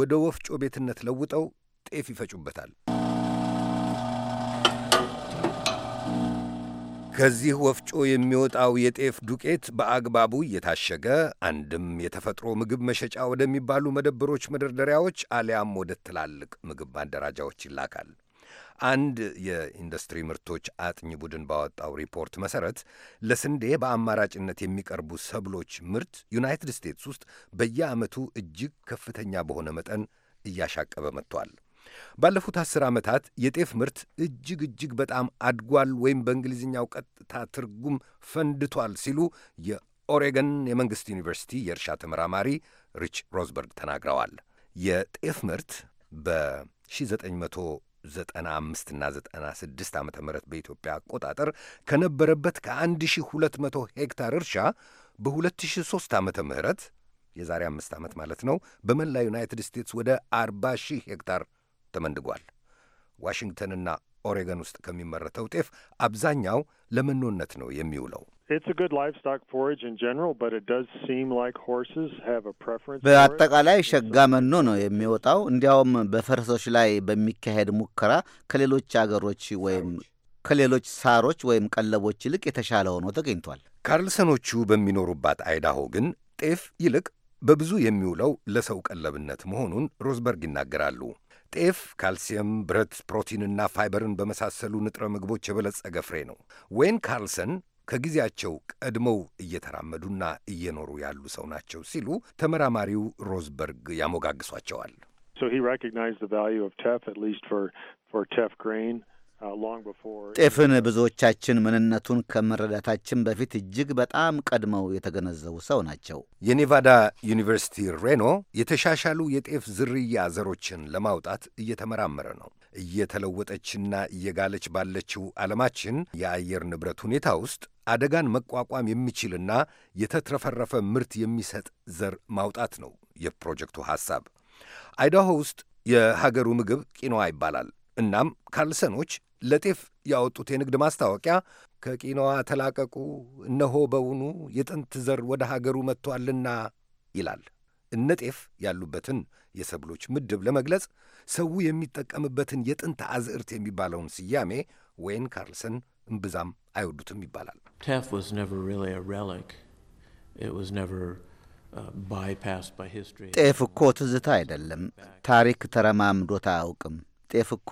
ወደ ወፍጮ ቤትነት ለውጠው ጤፍ ይፈጩበታል። ከዚህ ወፍጮ የሚወጣው የጤፍ ዱቄት በአግባቡ እየታሸገ አንድም የተፈጥሮ ምግብ መሸጫ ወደሚባሉ መደብሮች መደርደሪያዎች አሊያም ወደ ትላልቅ ምግብ ማደራጃዎች ይላካል። አንድ የኢንዱስትሪ ምርቶች አጥኚ ቡድን ባወጣው ሪፖርት መሰረት ለስንዴ በአማራጭነት የሚቀርቡ ሰብሎች ምርት ዩናይትድ ስቴትስ ውስጥ በየዓመቱ እጅግ ከፍተኛ በሆነ መጠን እያሻቀበ መጥቷል። ባለፉት አስር ዓመታት የጤፍ ምርት እጅግ እጅግ በጣም አድጓል ወይም በእንግሊዝኛው ቀጥታ ትርጉም ፈንድቷል ሲሉ የኦሬገን የመንግሥት ዩኒቨርሲቲ የእርሻ ተመራማሪ ሪች ሮዝበርግ ተናግረዋል። የጤፍ ምርት በ1995 እና 96 ዓ ም በኢትዮጵያ አቆጣጠር ከነበረበት ከ1200 ሄክታር እርሻ በ2003 ዓ ም የዛሬ አምስት ዓመት ማለት ነው በመላ ዩናይትድ ስቴትስ ወደ 40 ሺህ ሄክታር ተመንድጓል። ዋሽንግተንና ኦሬገን ውስጥ ከሚመረተው ጤፍ አብዛኛው ለመኖነት ነው የሚውለው። በአጠቃላይ ሸጋ መኖ ነው የሚወጣው። እንዲያውም በፈረሶች ላይ በሚካሄድ ሙከራ ከሌሎች አገሮች ወይም ከሌሎች ሳሮች ወይም ቀለቦች ይልቅ የተሻለ ሆኖ ተገኝቷል። ካርልሰኖቹ በሚኖሩባት አይዳሆ ግን ጤፍ ይልቅ በብዙ የሚውለው ለሰው ቀለብነት መሆኑን ሮዝበርግ ይናገራሉ። ጤፍ ካልሲየም፣ ብረት፣ ፕሮቲንና ፋይበርን በመሳሰሉ ንጥረ ምግቦች የበለጸገ ፍሬ ነው። ዌን ካርልሰን ከጊዜያቸው ቀድመው እየተራመዱና እየኖሩ ያሉ ሰው ናቸው ሲሉ ተመራማሪው ሮዝበርግ ያሞጋግሷቸዋል። Uh, ጤፍን ብዙዎቻችን ምንነቱን ከመረዳታችን በፊት እጅግ በጣም ቀድመው የተገነዘቡ ሰው ናቸው። የኔቫዳ ዩኒቨርሲቲ ሬኖ የተሻሻሉ የጤፍ ዝርያ ዘሮችን ለማውጣት እየተመራመረ ነው። እየተለወጠችና እየጋለች ባለችው ዓለማችን የአየር ንብረት ሁኔታ ውስጥ አደጋን መቋቋም የሚችልና የተትረፈረፈ ምርት የሚሰጥ ዘር ማውጣት ነው የፕሮጀክቱ ሐሳብ። አይዳሆ ውስጥ የሀገሩ ምግብ ቂኖዋ ይባላል። እናም ካርልሰኖች ለጤፍ ያወጡት የንግድ ማስታወቂያ ከቂኖዋ ተላቀቁ፣ እነሆ በውኑ የጥንት ዘር ወደ ሀገሩ መጥቷልና ይላል። እነ ጤፍ ያሉበትን የሰብሎች ምድብ ለመግለጽ ሰው የሚጠቀምበትን የጥንት አዝዕርት የሚባለውን ስያሜ ወይን ካርልሰን እምብዛም አይወዱትም ይባላል። uh, ጤፍ እኮ ትዝታ አይደለም፣ ታሪክ ተረማምዶት አያውቅም። ጤፍ እኮ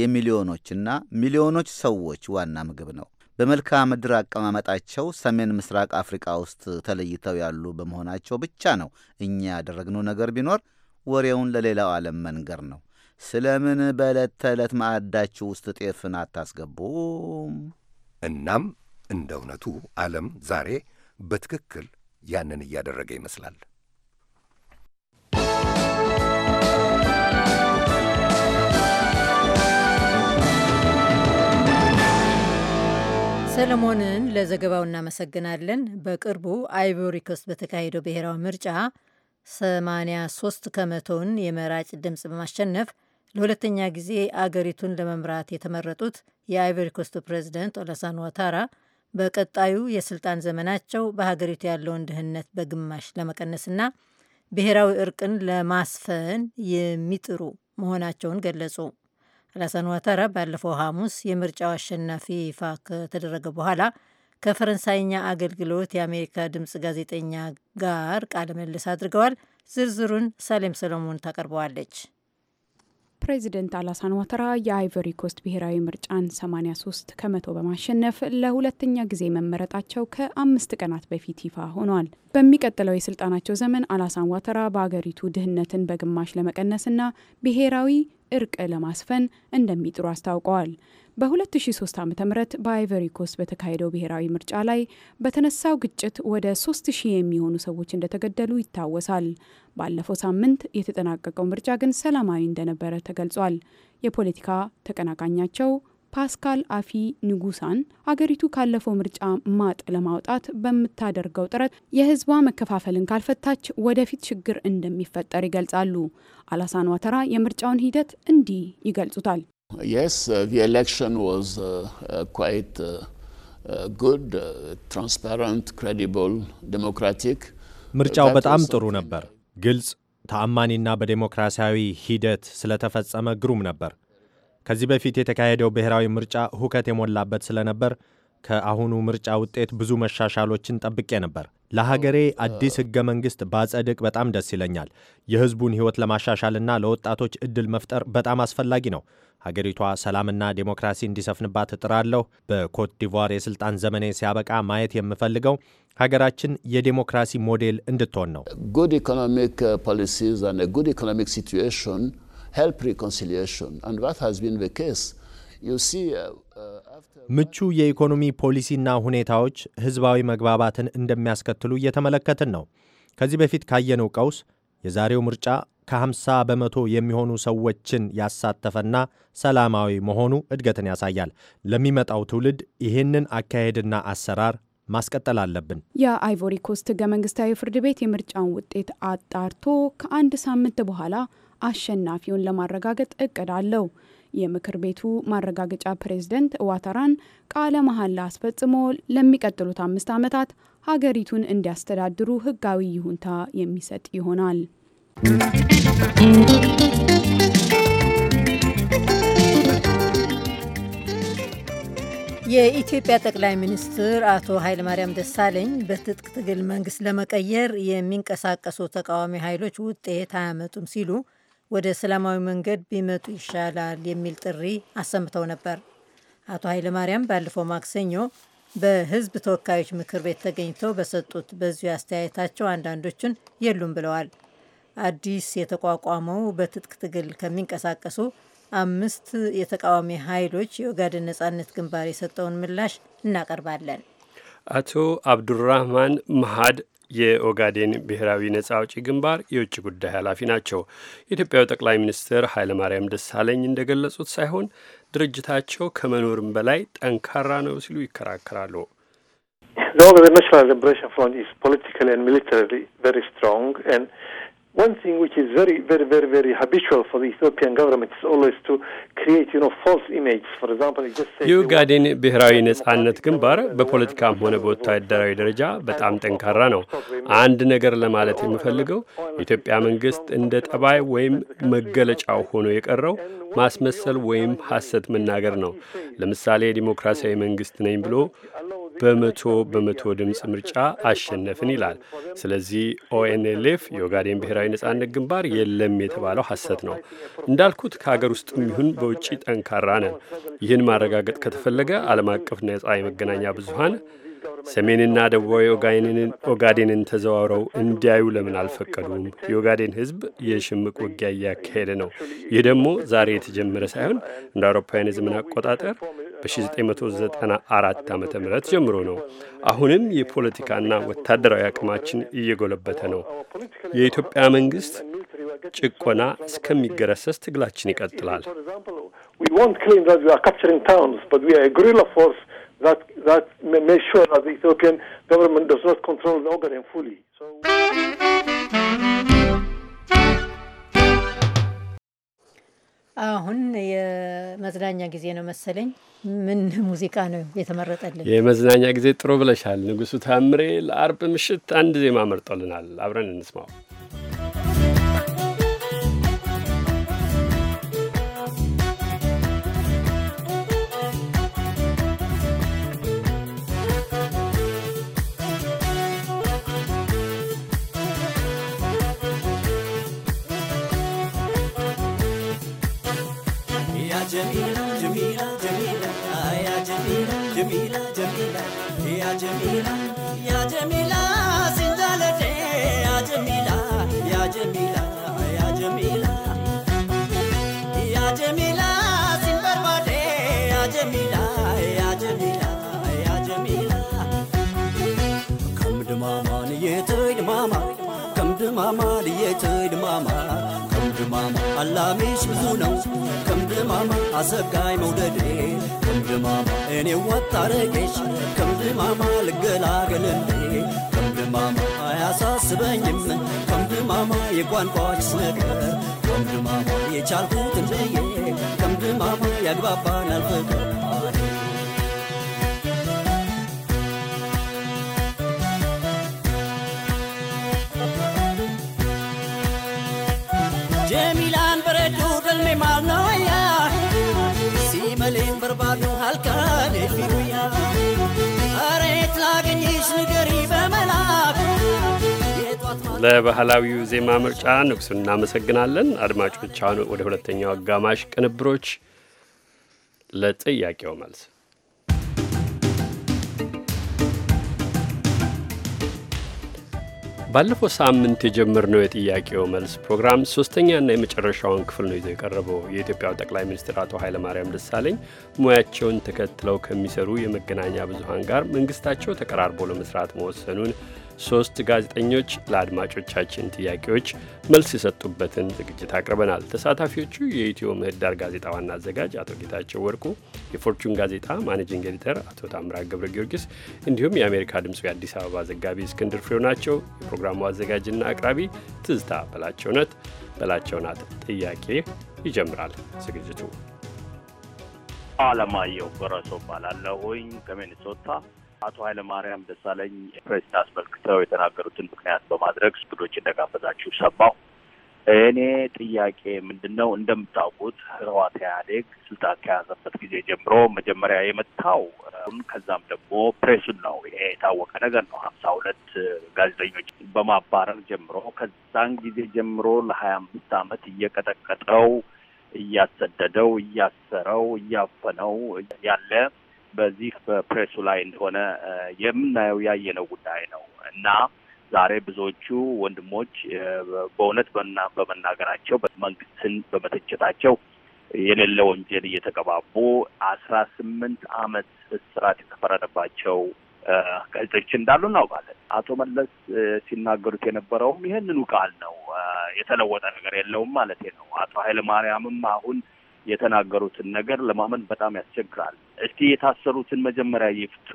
የሚሊዮኖችና ሚሊዮኖች ሰዎች ዋና ምግብ ነው። በመልክዓ ምድር አቀማመጣቸው ሰሜን ምስራቅ አፍሪካ ውስጥ ተለይተው ያሉ በመሆናቸው ብቻ ነው እኛ ያደረግነው ነገር ቢኖር ወሬውን ለሌላው ዓለም መንገር ነው። ስለምን በዕለት ተዕለት ማዕዳችሁ ውስጥ ጤፍን አታስገቡም? እናም እንደ እውነቱ ዓለም ዛሬ በትክክል ያንን እያደረገ ይመስላል። ሰለሞንን ለዘገባው እናመሰግናለን። በቅርቡ አይቮሪ በተካሄደው ብሔራዊ ምርጫ 83 ከመቶውን የመራጭ ድምፅ በማሸነፍ ለሁለተኛ ጊዜ አገሪቱን ለመምራት የተመረጡት የአይቮሪ ፕሬዚደንት ኦላሳን ዋታራ በቀጣዩ የስልጣን ዘመናቸው በሀገሪቱ ያለውን ድህነት በግማሽ ለመቀነስና ብሔራዊ እርቅን ለማስፈን የሚጥሩ መሆናቸውን ገለጹ። ራሳን ዋታራ ባለፈው ሐሙስ የምርጫው አሸናፊ ይፋ ከተደረገ በኋላ ከፈረንሳይኛ አገልግሎት የአሜሪካ ድምፅ ጋዜጠኛ ጋር ቃለ መልስ አድርገዋል። ዝርዝሩን ሳሌም ሰለሞን ታቀርበዋለች። ፕሬዚደንት አላሳን ዋተራ የአይቨሪ ኮስት ብሔራዊ ምርጫን 83 ከመቶ በማሸነፍ ለሁለተኛ ጊዜ መመረጣቸው ከአምስት ቀናት በፊት ይፋ ሆኗል። በሚቀጥለው የስልጣናቸው ዘመን አላሳን ዋተራ በአገሪቱ ድህነትን በግማሽ ለመቀነስና ብሔራዊ እርቅ ለማስፈን እንደሚጥሩ አስታውቀዋል። በ2003 ዓ ም በአይቨሪ ኮስት በተካሄደው ብሔራዊ ምርጫ ላይ በተነሳው ግጭት ወደ 3000 የሚሆኑ ሰዎች እንደተገደሉ ይታወሳል። ባለፈው ሳምንት የተጠናቀቀው ምርጫ ግን ሰላማዊ እንደነበረ ተገልጿል። የፖለቲካ ተቀናቃኛቸው ፓስካል አፊ ንጉሳን አገሪቱ ካለፈው ምርጫ ማጥ ለማውጣት በምታደርገው ጥረት የህዝቧ መከፋፈልን ካልፈታች ወደፊት ችግር እንደሚፈጠር ይገልጻሉ። አላሳን ዋተራ የምርጫውን ሂደት እንዲህ ይገልጹታል። uh, uh, uh, ምርጫው በጣም ጥሩ ነበር፣ ግልጽ፣ ተአማኒና በዴሞክራሲያዊ ሂደት ስለተፈጸመ ግሩም ነበር። ከዚህ በፊት የተካሄደው ብሔራዊ ምርጫ ሁከት የሞላበት ስለነበር ከአሁኑ ምርጫ ውጤት ብዙ መሻሻሎችን ጠብቄ ነበር። ለሀገሬ አዲስ ሕገ መንግሥት ባጸድቅ በጣም ደስ ይለኛል። የሕዝቡን ሕይወት ለማሻሻልና ለወጣቶች ዕድል መፍጠር በጣም አስፈላጊ ነው። ሀገሪቷ ሰላምና ዴሞክራሲ እንዲሰፍንባት እጥራለሁ። በኮት ዲቯር የሥልጣን ዘመኔ ሲያበቃ ማየት የምፈልገው ሀገራችን የዴሞክራሲ ሞዴል እንድትሆን ነው። ጉድ ኢኮኖሚክ ፖሊሲስ ጉድ ኢኮኖሚክ ሲትዌሽን help reconciliation. And that has been the case. Uh, uh, ምቹ የኢኮኖሚ ፖሊሲና ሁኔታዎች ህዝባዊ መግባባትን እንደሚያስከትሉ እየተመለከትን ነው። ከዚህ በፊት ካየነው ቀውስ የዛሬው ምርጫ ከ50 በመቶ የሚሆኑ ሰዎችን ያሳተፈና ሰላማዊ መሆኑ እድገትን ያሳያል። ለሚመጣው ትውልድ ይህንን አካሄድና አሰራር ማስቀጠል አለብን። የአይቮሪ ኮስት ህገ መንግስታዊ ፍርድ ቤት የምርጫውን ውጤት አጣርቶ ከአንድ ሳምንት በኋላ አሸናፊውን ለማረጋገጥ እቅድ አለው። የምክር ቤቱ ማረጋገጫ ፕሬዝደንት ዋተራን ቃለ መሐላ አስፈጽሞ ለሚቀጥሉት አምስት ዓመታት ሀገሪቱን እንዲያስተዳድሩ ህጋዊ ይሁንታ የሚሰጥ ይሆናል። የኢትዮጵያ ጠቅላይ ሚኒስትር አቶ ኃይለማርያም ደሳለኝ በትጥቅ ትግል መንግስት ለመቀየር የሚንቀሳቀሱ ተቃዋሚ ኃይሎች ውጤት አያመጡም ሲሉ ወደ ሰላማዊ መንገድ ቢመጡ ይሻላል የሚል ጥሪ አሰምተው ነበር። አቶ ኃይለማርያም ባለፈው ማክሰኞ በህዝብ ተወካዮች ምክር ቤት ተገኝተው በሰጡት በዚሁ አስተያየታቸው አንዳንዶቹን የሉም ብለዋል። አዲስ የተቋቋመው በትጥቅ ትግል ከሚንቀሳቀሱ አምስት የተቃዋሚ ኃይሎች የኦጋዴን ነጻነት ግንባር የሰጠውን ምላሽ እናቀርባለን። አቶ አብዱራህማን መሀድ የኦጋዴን ብሔራዊ ነጻ አውጪ ግንባር የውጭ ጉዳይ ኃላፊ ናቸው። የኢትዮጵያው ጠቅላይ ሚኒስትር ኃይለማርያም ደሳለኝ እንደገለጹት ሳይሆን ድርጅታቸው ከመኖርም በላይ ጠንካራ ነው ሲሉ ይከራከራሉ። The National Liberation Front is politically and militarily very strong and one thing which is very, very, very, very habitual for the Ethiopian government is always to create, you know, false image. For example, it just says የኡጋዴን ብሔራዊ ነጻነት ግንባር በፖለቲካም ሆነ በወታደራዊ ደረጃ በጣም ጠንካራ ነው። አንድ ነገር ለማለት የምፈልገው የኢትዮጵያ መንግስት እንደ ጠባይ ወይም መገለጫው ሆኖ የቀረው ማስመሰል ወይም ሐሰት መናገር ነው። ለምሳሌ ዲሞክራሲያዊ መንግስት ነኝ ብሎ በመቶ በመቶ ድምፅ ምርጫ አሸነፍን ይላል። ስለዚህ ኦኤንኤልኤፍ የኦጋዴን ብሔራዊ ነጻነት ግንባር የለም የተባለው ሐሰት ነው። እንዳልኩት ከሀገር ውስጥም ይሁን በውጭ ጠንካራ ነን። ይህን ማረጋገጥ ከተፈለገ ዓለም አቀፍ ነጻ የመገናኛ ብዙሀን ሰሜንና ደቡባዊ ኦጋዴንን ተዘዋውረው እንዲያዩ ለምን አልፈቀዱም? የኦጋዴን ሕዝብ የሽምቅ ውጊያ እያካሄደ ነው። ይህ ደግሞ ዛሬ የተጀመረ ሳይሆን እንደ አውሮፓውያን የዘመን አቆጣጠር በ1994 ዓ ም ጀምሮ ነው። አሁንም የፖለቲካና ወታደራዊ አቅማችን እየጎለበተ ነው። የኢትዮጵያ መንግስት ጭቆና እስከሚገረሰስ ትግላችን ይቀጥላል። ኢትዮጵያን አሁን የመዝናኛ ጊዜ ነው መሰለኝ። ምን ሙዚቃ ነው የተመረጠልን? የመዝናኛ ጊዜ ጥሩ ብለሻል። ንጉሱ ታምሬ ለአርብ ምሽት አንድ ዜማ መርጦልናል። አብረን እንስማው። جميلة جميلة جميلة يا جميلة جميلة جميلة يا جميلة يا جميلة سندالتي يا جميلة يا جميلة يا جميلة يا جميلة سندالتي يا جميلة يا جميلة يا جميلة كم دمامان يتوي دماما كم دمامان يتوي دماما አላሚሽ ብዙ ነው ማማ አሰጋይ መውደዴ ማማ እኔ ወጣረቄሽ ማማ ልገላገልንዴ እንዴ ማማ አያሳስበኝም ከምድማማ የቋንቋችስ ነገር ከምድማማ የቻልኩት እንድዬ ማማ ያግባባናል ፍቅር ለባህላዊው ዜማ ምርጫ ንጉሱን እናመሰግናለን። አድማጮች፣ አሁን ወደ ሁለተኛው አጋማሽ ቅንብሮች ለጥያቄው መልስ ባለፈው ሳምንት የጀመርነው የጥያቄው መልስ ፕሮግራም ሶስተኛና የመጨረሻውን ክፍል ነው ይዘው የቀረበው። የኢትዮጵያው ጠቅላይ ሚኒስትር አቶ ኃይለማርያም ደሳለኝ ሙያቸውን ተከትለው ከሚሰሩ የመገናኛ ብዙኃን ጋር መንግስታቸው ተቀራርቦ ለመስራት መወሰኑን ሶስት ጋዜጠኞች ለአድማጮቻችን ጥያቄዎች መልስ የሰጡበትን ዝግጅት አቅርበናል። ተሳታፊዎቹ የኢትዮ ምህዳር ጋዜጣ ዋና አዘጋጅ አቶ ጌታቸው ወርቁ፣ የፎርቹን ጋዜጣ ማኔጂንግ ኤዲተር አቶ ታምራት ገብረ ጊዮርጊስ እንዲሁም የአሜሪካ ድምፅ የአዲስ አበባ ዘጋቢ እስክንድር ፍሬው ናቸው። የፕሮግራሙ አዘጋጅና አቅራቢ ትዝታ በላቸው ነት በላቸው ናት። ጥያቄ ይጀምራል ዝግጅቱ። አለማየሁ ገረሶ እባላለሁኝ ከሚኒሶታ አቶ ኃይለማርያም ደሳለኝ ፕሬስን አስመልክተው የተናገሩትን ምክንያት በማድረግ እንግዶች እንደጋበዛችሁ ሰማሁ። እኔ ጥያቄ ምንድን ነው፣ እንደምታውቁት ህወሓት ኢህአዴግ ስልጣን ከያዘበት ጊዜ ጀምሮ መጀመሪያ የመታው ከዛም ደግሞ ፕሬሱን ነው። ይሄ የታወቀ ነገር ነው። ሀምሳ ሁለት ጋዜጠኞች በማባረር ጀምሮ ከዛን ጊዜ ጀምሮ ለሀያ አምስት አመት እየቀጠቀጠው እያሰደደው እያሰረው እያፈነው ያለ በዚህ በፕሬሱ ላይ እንደሆነ የምናየው ያየነው ጉዳይ ነው እና ዛሬ ብዙዎቹ ወንድሞች በእውነት በመናገራቸው መንግስትን በመተቸታቸው የሌለ ወንጀል እየተቀባቡ አስራ ስምንት አመት እስራት የተፈረደባቸው ጋዜጠኞች እንዳሉ እናውቃለን። አቶ መለስ ሲናገሩት የነበረውም ይህንኑ ቃል ነው። የተለወጠ ነገር የለውም ማለት ነው። አቶ ኃይለማርያምም አሁን የተናገሩትን ነገር ለማመን በጣም ያስቸግራል። እስቲ የታሰሩትን መጀመሪያ ይፍቱ፣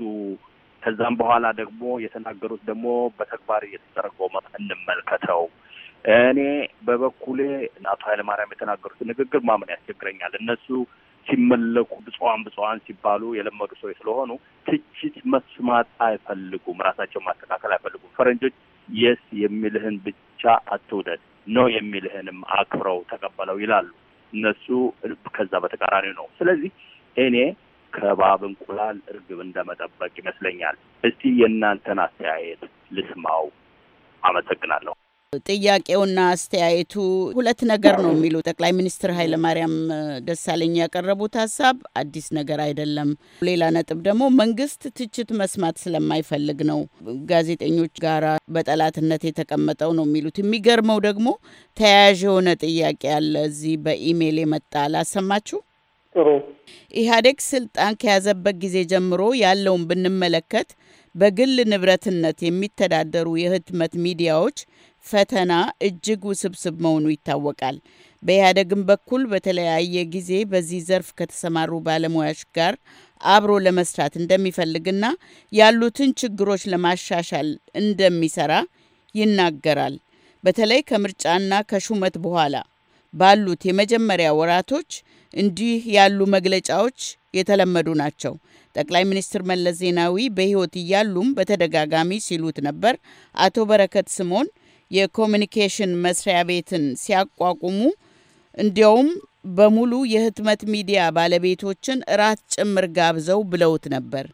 ከዛም በኋላ ደግሞ የተናገሩት ደግሞ በተግባር እየተተረጎመ እንመልከተው። እኔ በበኩሌ አቶ ኃይለማርያም የተናገሩትን ንግግር ማመን ያስቸግረኛል። እነሱ ሲመለኩ ብጽዋን ብጽዋን ሲባሉ የለመዱ ሰዎች ስለሆኑ ትችት መስማት አይፈልጉም፣ ራሳቸውን ማስተካከል አይፈልጉም። ፈረንጆች የስ የሚልህን ብቻ አትውደድ፣ ኖ የሚልህንም አክብረው ተቀበለው ይላሉ። እነሱ ከዛ በተቃራኒ ነው። ስለዚህ እኔ ከባብ እንቁላል እርግብ እንደመጠበቅ ይመስለኛል። እስቲ የእናንተን አስተያየት ልስማው። አመሰግናለሁ። ጥያቄውና አስተያየቱ ሁለት ነገር ነው የሚሉ ጠቅላይ ሚኒስትር ኃይለማርያም ደሳለኝ ያቀረቡት ሀሳብ አዲስ ነገር አይደለም። ሌላ ነጥብ ደግሞ መንግስት ትችት መስማት ስለማይፈልግ ነው ጋዜጠኞች ጋራ በጠላትነት የተቀመጠው ነው የሚሉት። የሚገርመው ደግሞ ተያያዥ የሆነ ጥያቄ አለ እዚህ በኢሜይል የመጣ አላሰማችሁ። ጥሩ ኢህአዴግ ስልጣን ከያዘበት ጊዜ ጀምሮ ያለውን ብንመለከት በግል ንብረትነት የሚተዳደሩ የህትመት ሚዲያዎች ፈተና እጅግ ውስብስብ መሆኑ ይታወቃል። በኢህአደግም በኩል በተለያየ ጊዜ በዚህ ዘርፍ ከተሰማሩ ባለሙያዎች ጋር አብሮ ለመስራት እንደሚፈልግና ያሉትን ችግሮች ለማሻሻል እንደሚሰራ ይናገራል። በተለይ ከምርጫና ከሹመት በኋላ ባሉት የመጀመሪያ ወራቶች እንዲህ ያሉ መግለጫዎች የተለመዱ ናቸው። ጠቅላይ ሚኒስትር መለስ ዜናዊ በሕይወት እያሉም በተደጋጋሚ ሲሉት ነበር። አቶ በረከት ስምኦን የኮሚኒኬሽን መስሪያ ቤትን ሲያቋቁሙ እንዲያውም በሙሉ የህትመት ሚዲያ ባለቤቶችን እራት ጭምር ጋብዘው ብለውት ነበር።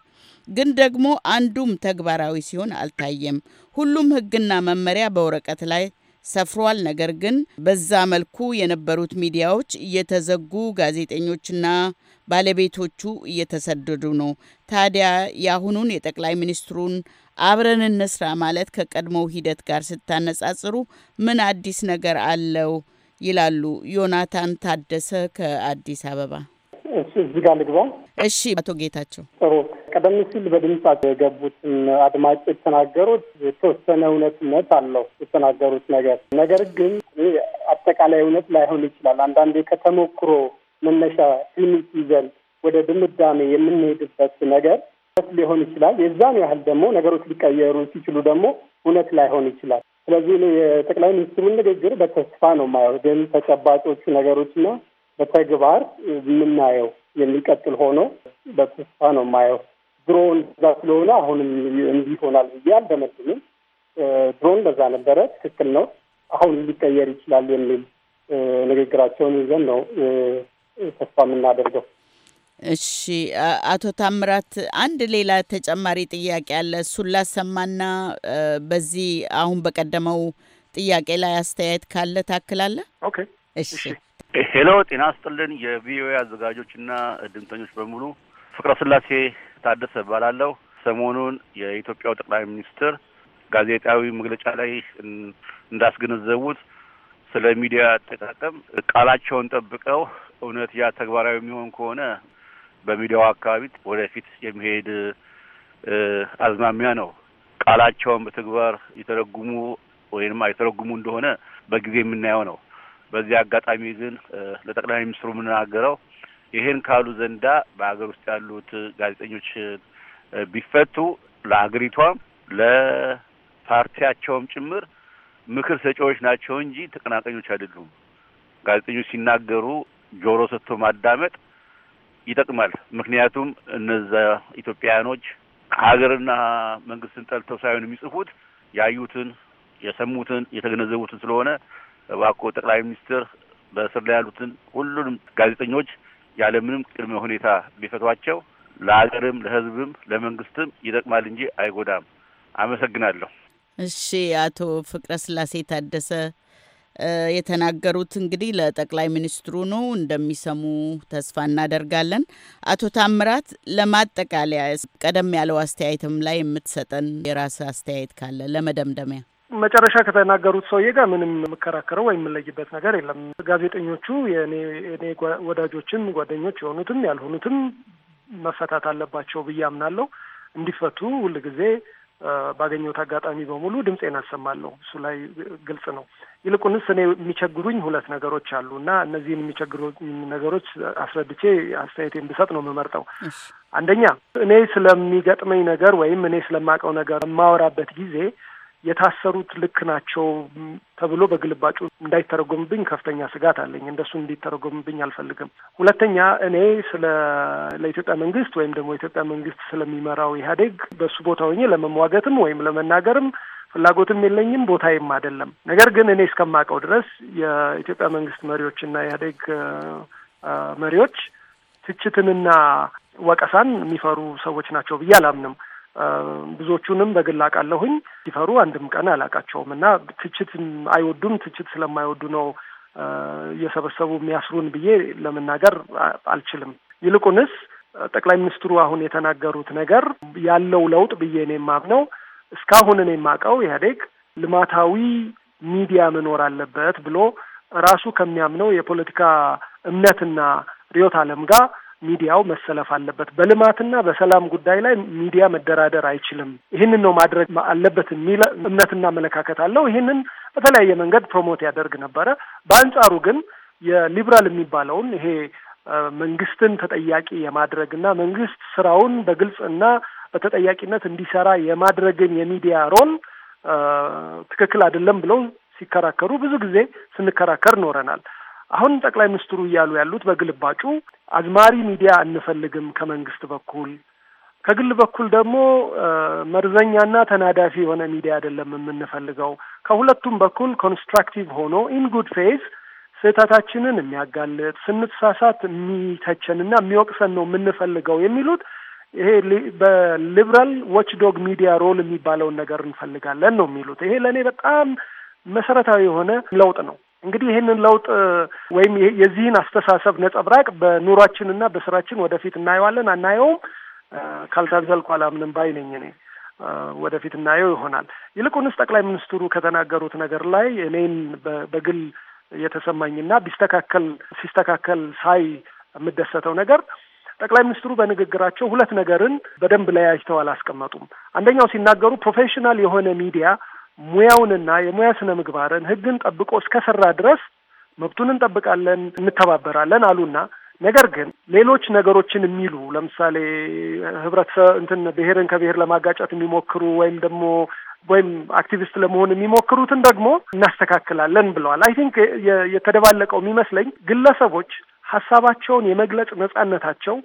ግን ደግሞ አንዱም ተግባራዊ ሲሆን አልታየም። ሁሉም ህግና መመሪያ በወረቀት ላይ ሰፍሯል። ነገር ግን በዛ መልኩ የነበሩት ሚዲያዎች እየተዘጉ ጋዜጠኞችና ባለቤቶቹ እየተሰደዱ ነው። ታዲያ የአሁኑን የጠቅላይ ሚኒስትሩን አብረን እንስራ ማለት ከቀድሞው ሂደት ጋር ስታነጻጽሩ ምን አዲስ ነገር አለው ይላሉ ዮናታን ታደሰ ከአዲስ አበባ። እዚህ ጋር ልግባ። እሺ፣ አቶ ጌታቸው ጥሩ። ቀደም ሲል በድምፅ የገቡትን አድማጭ የተናገሩት የተወሰነ እውነትነት አለው የተናገሩት ነገር። ነገር ግን አጠቃላይ እውነት ላይሆን ይችላል። አንዳንዴ ከተሞክሮ መነሻ ሊሚት ይዘን ወደ ድምዳሜ የምንሄድበት ነገር ሊሆን ይችላል። የዛን ያህል ደግሞ ነገሮች ሊቀየሩ ሲችሉ ደግሞ እውነት ላይሆን ይችላል። ስለዚህ የጠቅላይ ሚኒስትሩን ንግግር በተስፋ ነው የማየው፣ ግን ተጨባጮቹ ነገሮችና በተግባር የምናየው የሚቀጥል ሆኖ በተስፋ ነው የማየው። ድሮን እንደዛ ስለሆነ አሁንም እንዲሆናል ብዬ አልደመድምም። ድሮን በዛ ነበረ፣ ትክክል ነው፣ አሁን ሊቀየር ይችላል የሚል ንግግራቸውን ይዘን ነው ተስፋ የምናደርገው። እሺ አቶ ታምራት አንድ ሌላ ተጨማሪ ጥያቄ አለ። እሱን ላሰማና በዚህ አሁን በቀደመው ጥያቄ ላይ አስተያየት ካለ ታክላለ። ኦኬ እሺ። ሄሎ ጤና ስጥልን የቪኦኤ አዘጋጆችና ድምተኞች በሙሉ ፍቅረ ስላሴ ታደሰ እባላለሁ። ሰሞኑን የኢትዮጵያው ጠቅላይ ሚኒስትር ጋዜጣዊ መግለጫ ላይ እንዳስገነዘቡት ስለ ሚዲያ አጠቃቀም ቃላቸውን ጠብቀው እውነት ያ ተግባራዊ የሚሆን ከሆነ በሚዲያው አካባቢ ወደፊት የሚሄድ አዝማሚያ ነው። ቃላቸውን በተግባር የተረጉሙ ወይም አይተረጉሙ እንደሆነ በጊዜ የምናየው ነው። በዚህ አጋጣሚ ግን ለጠቅላይ ሚኒስትሩ የምናገረው ይህን ካሉ ዘንዳ በሀገር ውስጥ ያሉት ጋዜጠኞች ቢፈቱ ለሀገሪቷም ለፓርቲያቸውም ጭምር ምክር ሰጪዎች ናቸው እንጂ ተቀናቃኞች አይደሉም። ጋዜጠኞች ሲናገሩ ጆሮ ሰጥቶ ማዳመጥ ይጠቅማል። ምክንያቱም እነዛ ኢትዮጵያውያኖች ሀገርና መንግስትን ጠልተው ሳይሆን የሚጽፉት ያዩትን፣ የሰሙትን፣ የተገነዘቡትን ስለሆነ እባክዎ ጠቅላይ ሚኒስትር በእስር ላይ ያሉትን ሁሉንም ጋዜጠኞች ያለምንም ቅድመ ሁኔታ ቢፈቷቸው ለሀገርም ለህዝብም ለመንግስትም ይጠቅማል እንጂ አይጎዳም። አመሰግናለሁ። እሺ፣ አቶ ፍቅረ ስላሴ ታደሰ የተናገሩት እንግዲህ ለጠቅላይ ሚኒስትሩ ነው። እንደሚሰሙ ተስፋ እናደርጋለን። አቶ ታምራት፣ ለማጠቃለያ ቀደም ያለው አስተያየትም ላይ የምትሰጠን የራስ አስተያየት ካለ ለመደምደሚያ። መጨረሻ ከተናገሩት ሰውዬ ጋር ምንም የምከራከረው ወይም የምለይበት ነገር የለም። ጋዜጠኞቹ የእኔ ወዳጆችም ጓደኞች የሆኑትም ያልሆኑትም መፈታት አለባቸው ብዬ አምናለሁ። እንዲፈቱ ሁልጊዜ ባገኘሁት አጋጣሚ በሙሉ ድምፄን አሰማለሁ። እሱ ላይ ግልጽ ነው። ይልቁንስ እኔ የሚቸግሩኝ ሁለት ነገሮች አሉ እና እነዚህን የሚቸግሩኝ ነገሮች አስረድቼ አስተያየት ብሰጥ ነው የምመርጠው። አንደኛ እኔ ስለሚገጥመኝ ነገር ወይም እኔ ስለማውቀው ነገር የማወራበት ጊዜ የታሰሩት ልክ ናቸው ተብሎ በግልባጩ እንዳይተረጎምብኝ ከፍተኛ ስጋት አለኝ። እንደሱ እንዲተረጎምብኝ አልፈልግም። ሁለተኛ እኔ ስለ ለኢትዮጵያ መንግስት ወይም ደግሞ የኢትዮጵያ መንግስት ስለሚመራው ኢህአዴግ በሱ ቦታ ሆኜ ለመሟገትም ወይም ለመናገርም ፍላጎትም የለኝም፣ ቦታዬም አይደለም። ነገር ግን እኔ እስከማውቀው ድረስ የኢትዮጵያ መንግስት መሪዎችና ኢህአዴግ መሪዎች ትችትንና ወቀሳን የሚፈሩ ሰዎች ናቸው ብዬ አላምንም። ብዙዎቹንም በግል አውቃለሁኝ። ሲፈሩ አንድም ቀን አላውቃቸውም እና ትችት አይወዱም። ትችት ስለማይወዱ ነው እየሰበሰቡ የሚያስሩን ብዬ ለመናገር አልችልም። ይልቁንስ ጠቅላይ ሚኒስትሩ አሁን የተናገሩት ነገር ያለው ለውጥ ብዬ እኔ የማምነው እስካሁን እኔ የማውቀው ኢህአዴግ ልማታዊ ሚዲያ መኖር አለበት ብሎ ራሱ ከሚያምነው የፖለቲካ እምነትና ርዕዮተ ዓለም ጋር ሚዲያው መሰለፍ አለበት። በልማትና በሰላም ጉዳይ ላይ ሚዲያ መደራደር አይችልም። ይህንን ነው ማድረግ አለበት የሚል እምነትና አመለካከት አለው። ይህንን በተለያየ መንገድ ፕሮሞት ያደርግ ነበረ። በአንጻሩ ግን የሊብራል የሚባለውን ይሄ መንግስትን ተጠያቂ የማድረግና መንግስት ስራውን በግልጽና በተጠያቂነት እንዲሰራ የማድረግን የሚዲያ ሮል ትክክል አይደለም ብለው ሲከራከሩ ብዙ ጊዜ ስንከራከር ኖረናል። አሁን ጠቅላይ ሚኒስትሩ እያሉ ያሉት በግልባጩ አዝማሪ ሚዲያ አንፈልግም ከመንግስት በኩል ከግል በኩል ደግሞ መርዘኛና ተናዳፊ የሆነ ሚዲያ አይደለም የምንፈልገው። ከሁለቱም በኩል ኮንስትራክቲቭ ሆኖ ኢን ጉድ ፌዝ ስህተታችንን የሚያጋልጥ ስንሳሳት የሚተቸንና የሚወቅሰን ነው የምንፈልገው የሚሉት ይሄ በሊብራል ዎችዶግ ሚዲያ ሮል የሚባለውን ነገር እንፈልጋለን ነው የሚሉት። ይሄ ለእኔ በጣም መሰረታዊ የሆነ ለውጥ ነው። እንግዲህ ይህንን ለውጥ ወይም የዚህን አስተሳሰብ ነጸብራቅ በኑሯችንና በስራችን ወደፊት እናየዋለን አናየውም ካልታዘልኩ አላምንም ባይ ነኝ እኔ። ወደፊት እናየው ይሆናል። ይልቁንስ ጠቅላይ ሚኒስትሩ ከተናገሩት ነገር ላይ እኔን በግል የተሰማኝና ቢስተካከል ሲስተካከል ሳይ የምደሰተው ነገር ጠቅላይ ሚኒስትሩ በንግግራቸው ሁለት ነገርን በደንብ ለያይተው አላስቀመጡም። አንደኛው ሲናገሩ ፕሮፌሽናል የሆነ ሚዲያ ሙያውንና የሙያ ስነ ምግባርን ህግን ጠብቆ እስከሰራ ድረስ መብቱን እንጠብቃለን፣ እንተባበራለን አሉና ነገር ግን ሌሎች ነገሮችን የሚሉ ለምሳሌ ህብረተሰብ እንትን ብሔርን ከብሔር ለማጋጨት የሚሞክሩ ወይም ደግሞ ወይም አክቲቪስት ለመሆን የሚሞክሩትን ደግሞ እናስተካክላለን ብለዋል። አይ ቲንክ የተደባለቀው የሚመስለኝ ግለሰቦች ሀሳባቸውን የመግለጽ ነጻነታቸው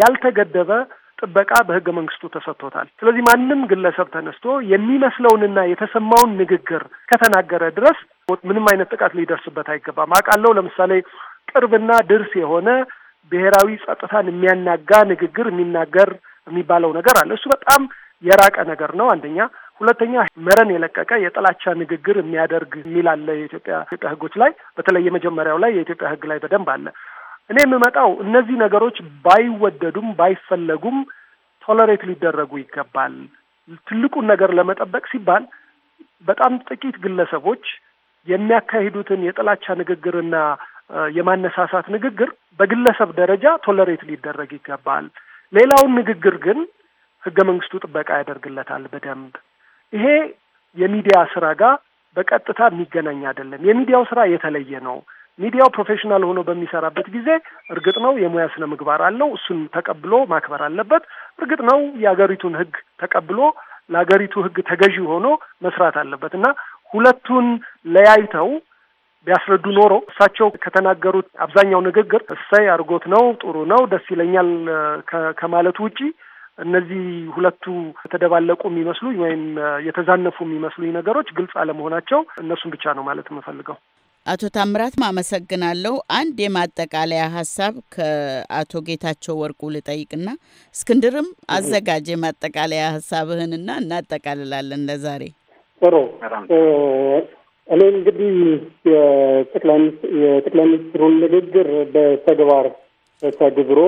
ያልተገደበ ጥበቃ በህገ መንግስቱ ተሰጥቶታል። ስለዚህ ማንም ግለሰብ ተነስቶ የሚመስለውንና የተሰማውን ንግግር ከተናገረ ድረስ ምንም አይነት ጥቃት ሊደርስበት አይገባም። አውቃለሁ ለምሳሌ ቅርብና ድርስ የሆነ ብሔራዊ ጸጥታን የሚያናጋ ንግግር የሚናገር የሚባለው ነገር አለ። እሱ በጣም የራቀ ነገር ነው። አንደኛ ሁለተኛ መረን የለቀቀ የጥላቻ ንግግር የሚያደርግ የሚል አለ የኢትዮጵያ ህጎች ላይ በተለይ የመጀመሪያው ላይ የኢትዮጵያ ህግ ላይ በደንብ አለ። እኔ የምመጣው እነዚህ ነገሮች ባይወደዱም ባይፈለጉም ቶለሬት ሊደረጉ ይገባል። ትልቁን ነገር ለመጠበቅ ሲባል በጣም ጥቂት ግለሰቦች የሚያካሂዱትን የጥላቻ ንግግርና የማነሳሳት ንግግር በግለሰብ ደረጃ ቶለሬት ሊደረግ ይገባል። ሌላውን ንግግር ግን ህገ መንግስቱ ጥበቃ ያደርግለታል በደንብ። ይሄ የሚዲያ ስራ ጋር በቀጥታ የሚገናኝ አይደለም። የሚዲያው ስራ የተለየ ነው። ሚዲያው ፕሮፌሽናል ሆኖ በሚሰራበት ጊዜ እርግጥ ነው የሙያ ስነ ምግባር አለው። እሱን ተቀብሎ ማክበር አለበት። እርግጥ ነው የአገሪቱን ሕግ ተቀብሎ ለአገሪቱ ሕግ ተገዢ ሆኖ መስራት አለበት እና ሁለቱን ለያይተው ቢያስረዱ ኖሮ እሳቸው ከተናገሩት አብዛኛው ንግግር እሰይ አድርጎት ነው ጥሩ ነው ደስ ይለኛል ከማለቱ ውጪ እነዚህ ሁለቱ የተደባለቁ የሚመስሉኝ ወይም የተዛነፉ የሚመስሉኝ ነገሮች ግልጽ አለመሆናቸው እነሱን ብቻ ነው ማለት የምፈልገው። አቶ ታምራት ማመሰግናለሁ። አንድ የማጠቃለያ ሀሳብ ከአቶ ጌታቸው ወርቁ ልጠይቅና እስክንድርም አዘጋጅ የማጠቃለያ ሀሳብህንና እናጠቃልላለን ለዛሬ። ጥሩ። እኔ እንግዲህ የጠቅላይ ሚኒስትሩን ንግግር በተግባር ተግብሮ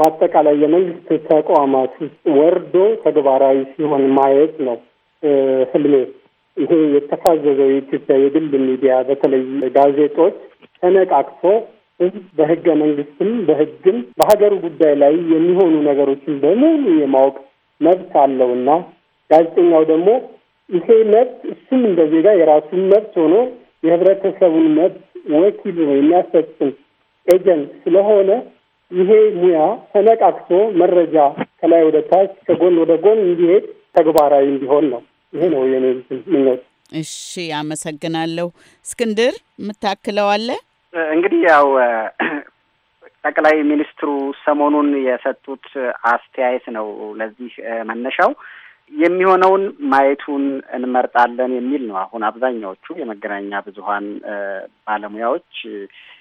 በአጠቃላይ የመንግስት ተቋማት ውስጥ ወርዶ ተግባራዊ ሲሆን ማየት ነው ህልሜ። ይሄ የተፋዘዘው የኢትዮጵያ የግል ሚዲያ በተለይ ጋዜጦች ተነቃቅፎ ህዝብ በህገ መንግስትም በህግም በሀገሩ ጉዳይ ላይ የሚሆኑ ነገሮችን በሙሉ የማወቅ መብት አለውና ጋዜጠኛው ደግሞ ይሄ መብት እሱም እንደ ዜጋ የራሱን መብት ሆኖ የህብረተሰቡን መብት ወኪል ነው የሚያስፈጽም ኤጀንት ስለሆነ ይሄ ሙያ ተነቃቅቶ መረጃ ከላይ ወደ ታች ከጎን ወደ ጎን እንዲሄድ ተግባራዊ እንዲሆን ነው። ይሄ ነው የኔ እሺ፣ አመሰግናለሁ። እስክንድር የምታክለው አለ? እንግዲህ ያው ጠቅላይ ሚኒስትሩ ሰሞኑን የሰጡት አስተያየት ነው ለዚህ መነሻው የሚሆነውን ማየቱን እንመርጣለን የሚል ነው። አሁን አብዛኛዎቹ የመገናኛ ብዙኃን ባለሙያዎች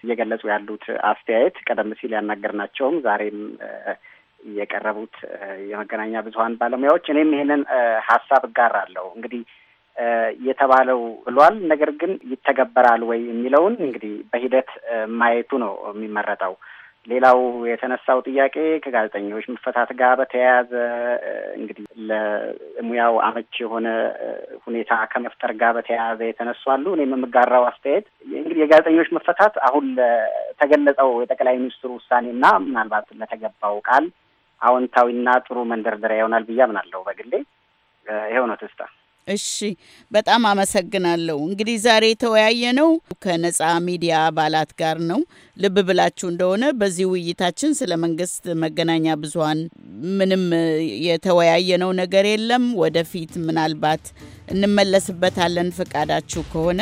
እየገለጹ ያሉት አስተያየት ቀደም ሲል ያናገርናቸውም ዛሬም የቀረቡት የመገናኛ ብዙኃን ባለሙያዎች። እኔም ይሄንን ሀሳብ እጋራለሁ። እንግዲህ የተባለው ብሏል፣ ነገር ግን ይተገበራል ወይ የሚለውን እንግዲህ በሂደት ማየቱ ነው የሚመረጠው። ሌላው የተነሳው ጥያቄ ከጋዜጠኞች መፈታት ጋር በተያያዘ እንግዲህ ለሙያው አመች የሆነ ሁኔታ ከመፍጠር ጋር በተያያዘ የተነሱ አሉ። እኔም የምጋራው አስተያየት እንግዲህ የጋዜጠኞች መፈታት አሁን ለተገለጸው የጠቅላይ ሚኒስትሩ ውሳኔና ምናልባት ለተገባው ቃል አዎንታዊና ጥሩ መንደርደሪያ ይሆናል ብዬ አምናለሁ በግሌ። ይኸው ነው ትስታ። እሺ፣ በጣም አመሰግናለሁ። እንግዲህ ዛሬ የተወያየ ነው ከነጻ ሚዲያ አባላት ጋር ነው። ልብ ብላችሁ እንደሆነ በዚህ ውይይታችን ስለ መንግስት መገናኛ ብዙኃን ምንም የተወያየ ነው ነገር የለም። ወደፊት ምናልባት እንመለስበታለን ፈቃዳችሁ ከሆነ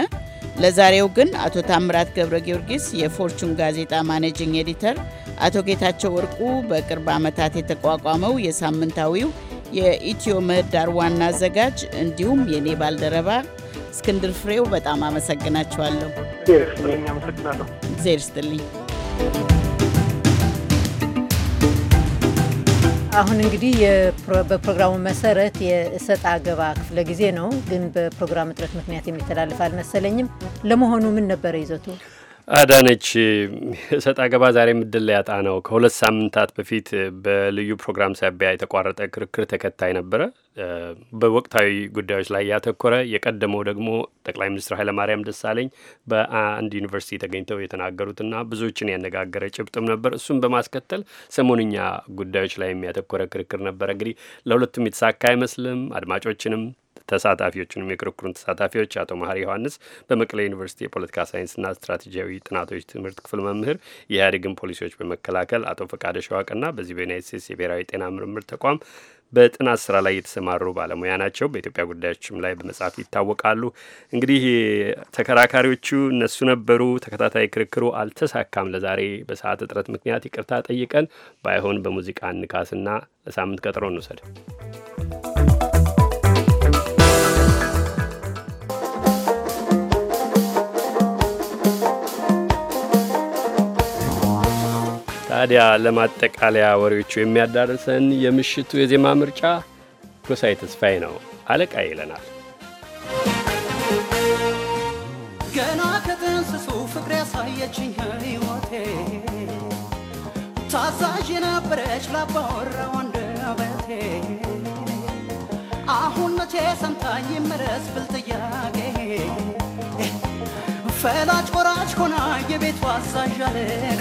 ለዛሬው ግን አቶ ታምራት ገብረ ጊዮርጊስ የፎርቹን ጋዜጣ ማኔጂንግ ኤዲተር፣ አቶ ጌታቸው ወርቁ በቅርብ ዓመታት የተቋቋመው የሳምንታዊው የኢትዮ ምህዳር ዋና አዘጋጅ እንዲሁም የኔ ባልደረባ እስክንድር ፍሬው በጣም አመሰግናችኋለሁ። እግዜር ይስጥልኝ። አሁን እንግዲህ በፕሮግራሙ መሰረት የእሰጥ አገባ ክፍለ ጊዜ ነው፣ ግን በፕሮግራም እጥረት ምክንያት የሚተላለፍ አልመሰለኝም። ለመሆኑ ምን ነበረ ይዘቱ? አዳነች ሰጥ አገባ ዛሬ ምድል ላይ ያጣ ነው። ከሁለት ሳምንታት በፊት በልዩ ፕሮግራም ሳቢያ የተቋረጠ ክርክር ተከታይ ነበረ። በወቅታዊ ጉዳዮች ላይ ያተኮረ የቀደመው ደግሞ ጠቅላይ ሚኒስትር ኃይለማርያም ደሳለኝ በአንድ ዩኒቨርሲቲ ተገኝተው የተናገሩትና ብዙዎችን ያነጋገረ ጭብጥም ነበር። እሱም በማስከተል ሰሞንኛ ጉዳዮች ላይ የሚያተኮረ ክርክር ነበረ እንግዲህ ለሁለቱም የተሳካ አይመስልም። አድማጮችንም ተሳታፊዎቹንም የክርክሩን ተሳታፊዎች አቶ መሀሪ ዮሐንስ በመቀሌ ዩኒቨርሲቲ የፖለቲካ ሳይንስና ስትራቴጂያዊ ጥናቶች ትምህርት ክፍል መምህር፣ የኢህአዴግን ፖሊሲዎች በመከላከል አቶ ፈቃደ ሸዋቅና በዚህ በዩናይት ስቴትስ የብሔራዊ ጤና ምርምር ተቋም በጥናት ስራ ላይ የተሰማሩ ባለሙያ ናቸው። በኢትዮጵያ ጉዳዮችም ላይ በመጽሐፍ ይታወቃሉ። እንግዲህ ተከራካሪዎቹ እነሱ ነበሩ። ተከታታይ ክርክሩ አልተሳካም። ለዛሬ በሰዓት እጥረት ምክንያት ይቅርታ ጠይቀን ባይሆን በሙዚቃ ንካስና ሳምንት ቀጥሮ እንውሰድ። ታዲያ ለማጠቃለያ ወሬዎቹ የሚያዳርሰን የምሽቱ የዜማ ምርጫ ጎሳዬ ተስፋዬ ነው። አለቃ ይለናል። ገና ከጥንስሱ ፍቅር ያሳየችኝ ህይወቴ ታዛዥ የነበረች ላባወራ ወንድ አበቴ አሁን መቼ ሰምታኝ ይመለስ ብል ጥያቄ ፈላጭ ወራጭ ሆና የቤቷ አዛዥ አለቃዬ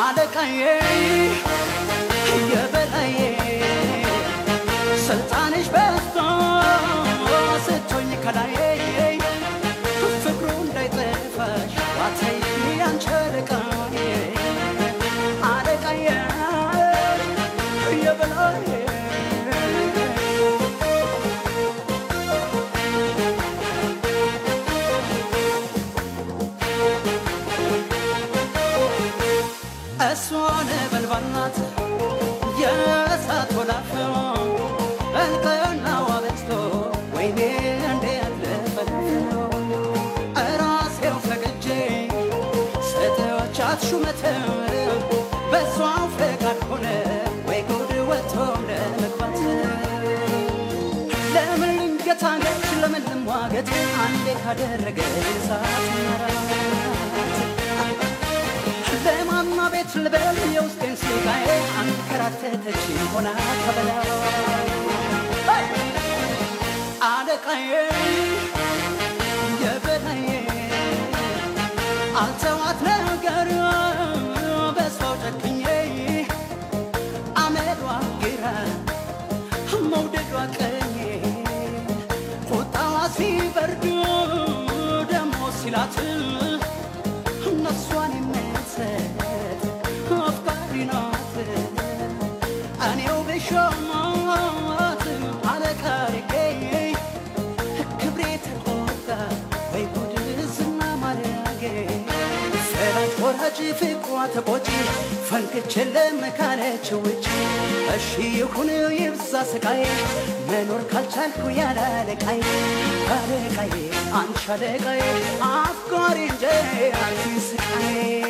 አለቃዬ የበላዬ ፍቅርን አንዴ ካደረገ ሰዓት በማማ ቤት ልበል የውስጤን ስቃዬ አንከራተተች ሆና ተበላ አለቃዬ የበላዬ አልተዋት ነገር በሰው ጨክኜ አመዷ መውደዷ ሲበርድ ደሞ ሲላት እነሷን የምትሰጥ አፍቃሪ ናት እኔው ብሻማ ፍቅሯ ተቆጪ ፈንክቼ ለመካለች ውጪ እሺ ይሁን ይብዛ ስቃይ መኖር ካልቻልኩ ያላለቃዬ አለቃይ አንቺ አለቃዬ አፍቃሪ እንጂ አንቺ ስቃዬ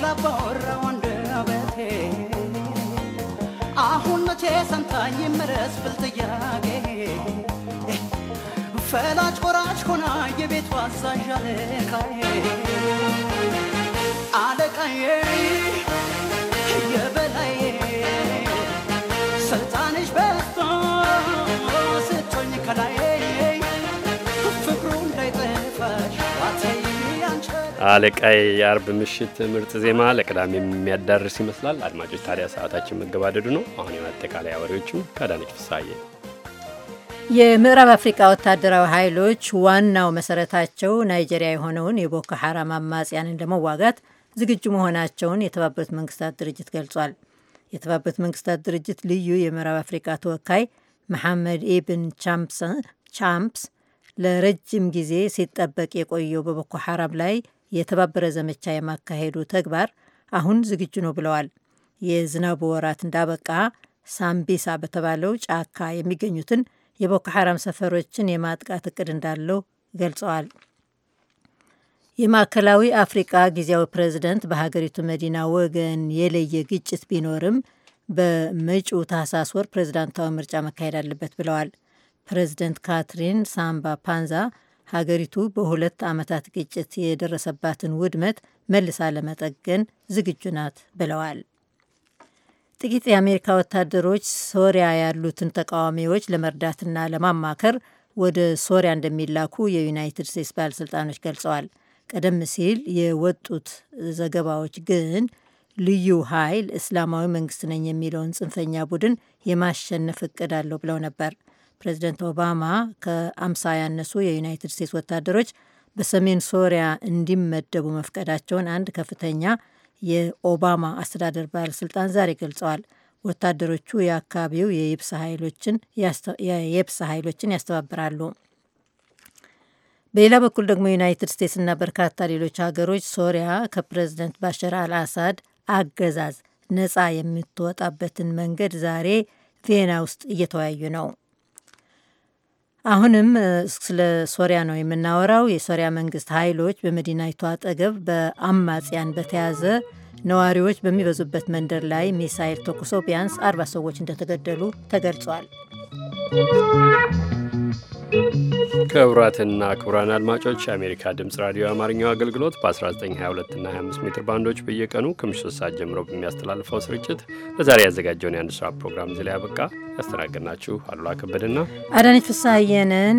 ስላባወራው አንደበቴ አሁን መቼ ሰምታኝ የምረስ ብል ጥያቄ ፈላጭ ቆራጭ ሆና የቤቱ አዛዥ አለቃዬ አለቃዬ አለቃይ የአርብ ምሽት ምርጥ ዜማ ለቅዳሜ የሚያዳርስ ይመስላል። አድማጮች ታዲያ ሰዓታችን መገባደዱ ነው። አሁን የማጠቃለያ ወሬዎችም ከዳነች ፍሳዬ። የምዕራብ አፍሪቃ ወታደራዊ ኃይሎች ዋናው መሰረታቸው ናይጄሪያ የሆነውን የቦኮ ሐራም አማጽያንን ለመዋጋት ዝግጁ መሆናቸውን የተባበሩት መንግስታት ድርጅት ገልጿል። የተባበሩት መንግስታት ድርጅት ልዩ የምዕራብ አፍሪቃ ተወካይ መሐመድ ኢብን ቻምፕስ ለረጅም ጊዜ ሲጠበቅ የቆየው በቦኮ ሐራም ላይ የተባበረ ዘመቻ የማካሄዱ ተግባር አሁን ዝግጁ ነው ብለዋል። የዝናቡ ወራት እንዳበቃ ሳምቢሳ በተባለው ጫካ የሚገኙትን የቦኮ ሐራም ሰፈሮችን የማጥቃት እቅድ እንዳለው ገልጸዋል። የማዕከላዊ አፍሪቃ ጊዜያዊ ፕሬዝደንት በሀገሪቱ መዲና ወገን የለየ ግጭት ቢኖርም በመጪው ታህሳስ ወር ፕሬዝዳንታዊ ምርጫ መካሄድ አለበት ብለዋል። ፕሬዚደንት ካትሪን ሳምባ ፓንዛ ሀገሪቱ በሁለት ዓመታት ግጭት የደረሰባትን ውድመት መልሳ ለመጠገን ዝግጁ ናት ብለዋል። ጥቂት የአሜሪካ ወታደሮች ሶሪያ ያሉትን ተቃዋሚዎች ለመርዳትና ለማማከር ወደ ሶሪያ እንደሚላኩ የዩናይትድ ስቴትስ ባለሥልጣኖች ገልጸዋል። ቀደም ሲል የወጡት ዘገባዎች ግን ልዩ ኃይል እስላማዊ መንግስት ነኝ የሚለውን ጽንፈኛ ቡድን የማሸነፍ እቅድ አለው ብለው ነበር። ፕሬዚደንት ኦባማ ከአምሳ ያነሱ የዩናይትድ ስቴትስ ወታደሮች በሰሜን ሶሪያ እንዲመደቡ መፍቀዳቸውን አንድ ከፍተኛ የኦባማ አስተዳደር ባለስልጣን ዛሬ ገልጸዋል። ወታደሮቹ የአካባቢው የየብስ ኃይሎችን ያስተባብራሉ። በሌላ በኩል ደግሞ ዩናይትድ ስቴትስና በርካታ ሌሎች ሀገሮች ሶሪያ ከፕሬዚደንት ባሻር አልአሳድ አገዛዝ ነጻ የምትወጣበትን መንገድ ዛሬ ቪየና ውስጥ እየተወያዩ ነው። አሁንም ስለ ሶሪያ ነው የምናወራው። የሶሪያ መንግስት ኃይሎች በመዲናይቱ አጠገብ በአማጽያን በተያዘ ነዋሪዎች በሚበዙበት መንደር ላይ ሚሳኤል ተኩሶ ቢያንስ አርባ ሰዎች እንደተገደሉ ተገልጿል። ክቡራትና ክቡራን አድማጮች የአሜሪካ ድምፅ ራዲዮ የአማርኛው አገልግሎት በ1922 እና 25 ሜትር ባንዶች በየቀኑ ከምሽቱ ሰዓት ጀምሮ በሚያስተላልፈው ስርጭት ለዛሬ ያዘጋጀውን የአንድ ስራ ፕሮግራም እዚህ ላይ ያበቃ። ያስተናገድናችሁ አሉላ ከበድና አዳነች ፍስሐየንን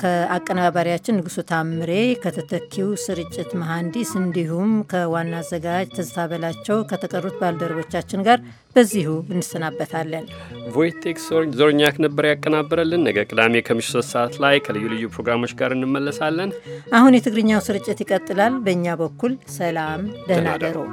ከአቀነባባሪያችን ንጉሱ ታምሬ ከተተኪው ስርጭት መሐንዲስ እንዲሁም ከዋና አዘጋጅ ትዝታ በላቸው ከተቀሩት ባልደረቦቻችን ጋር በዚሁ እንሰናበታለን። ቮይቴክ ዞርኛክ ነበር ያቀናበረልን። ነገ ቅዳሜ ከምሽቱ ሶስት ሰዓት ላይ ከልዩ ልዩ ፕሮግራሞች ጋር እንመለሳለን። አሁን የትግርኛው ስርጭት ይቀጥላል። በእኛ በኩል ሰላም፣ ደህና ደሩ።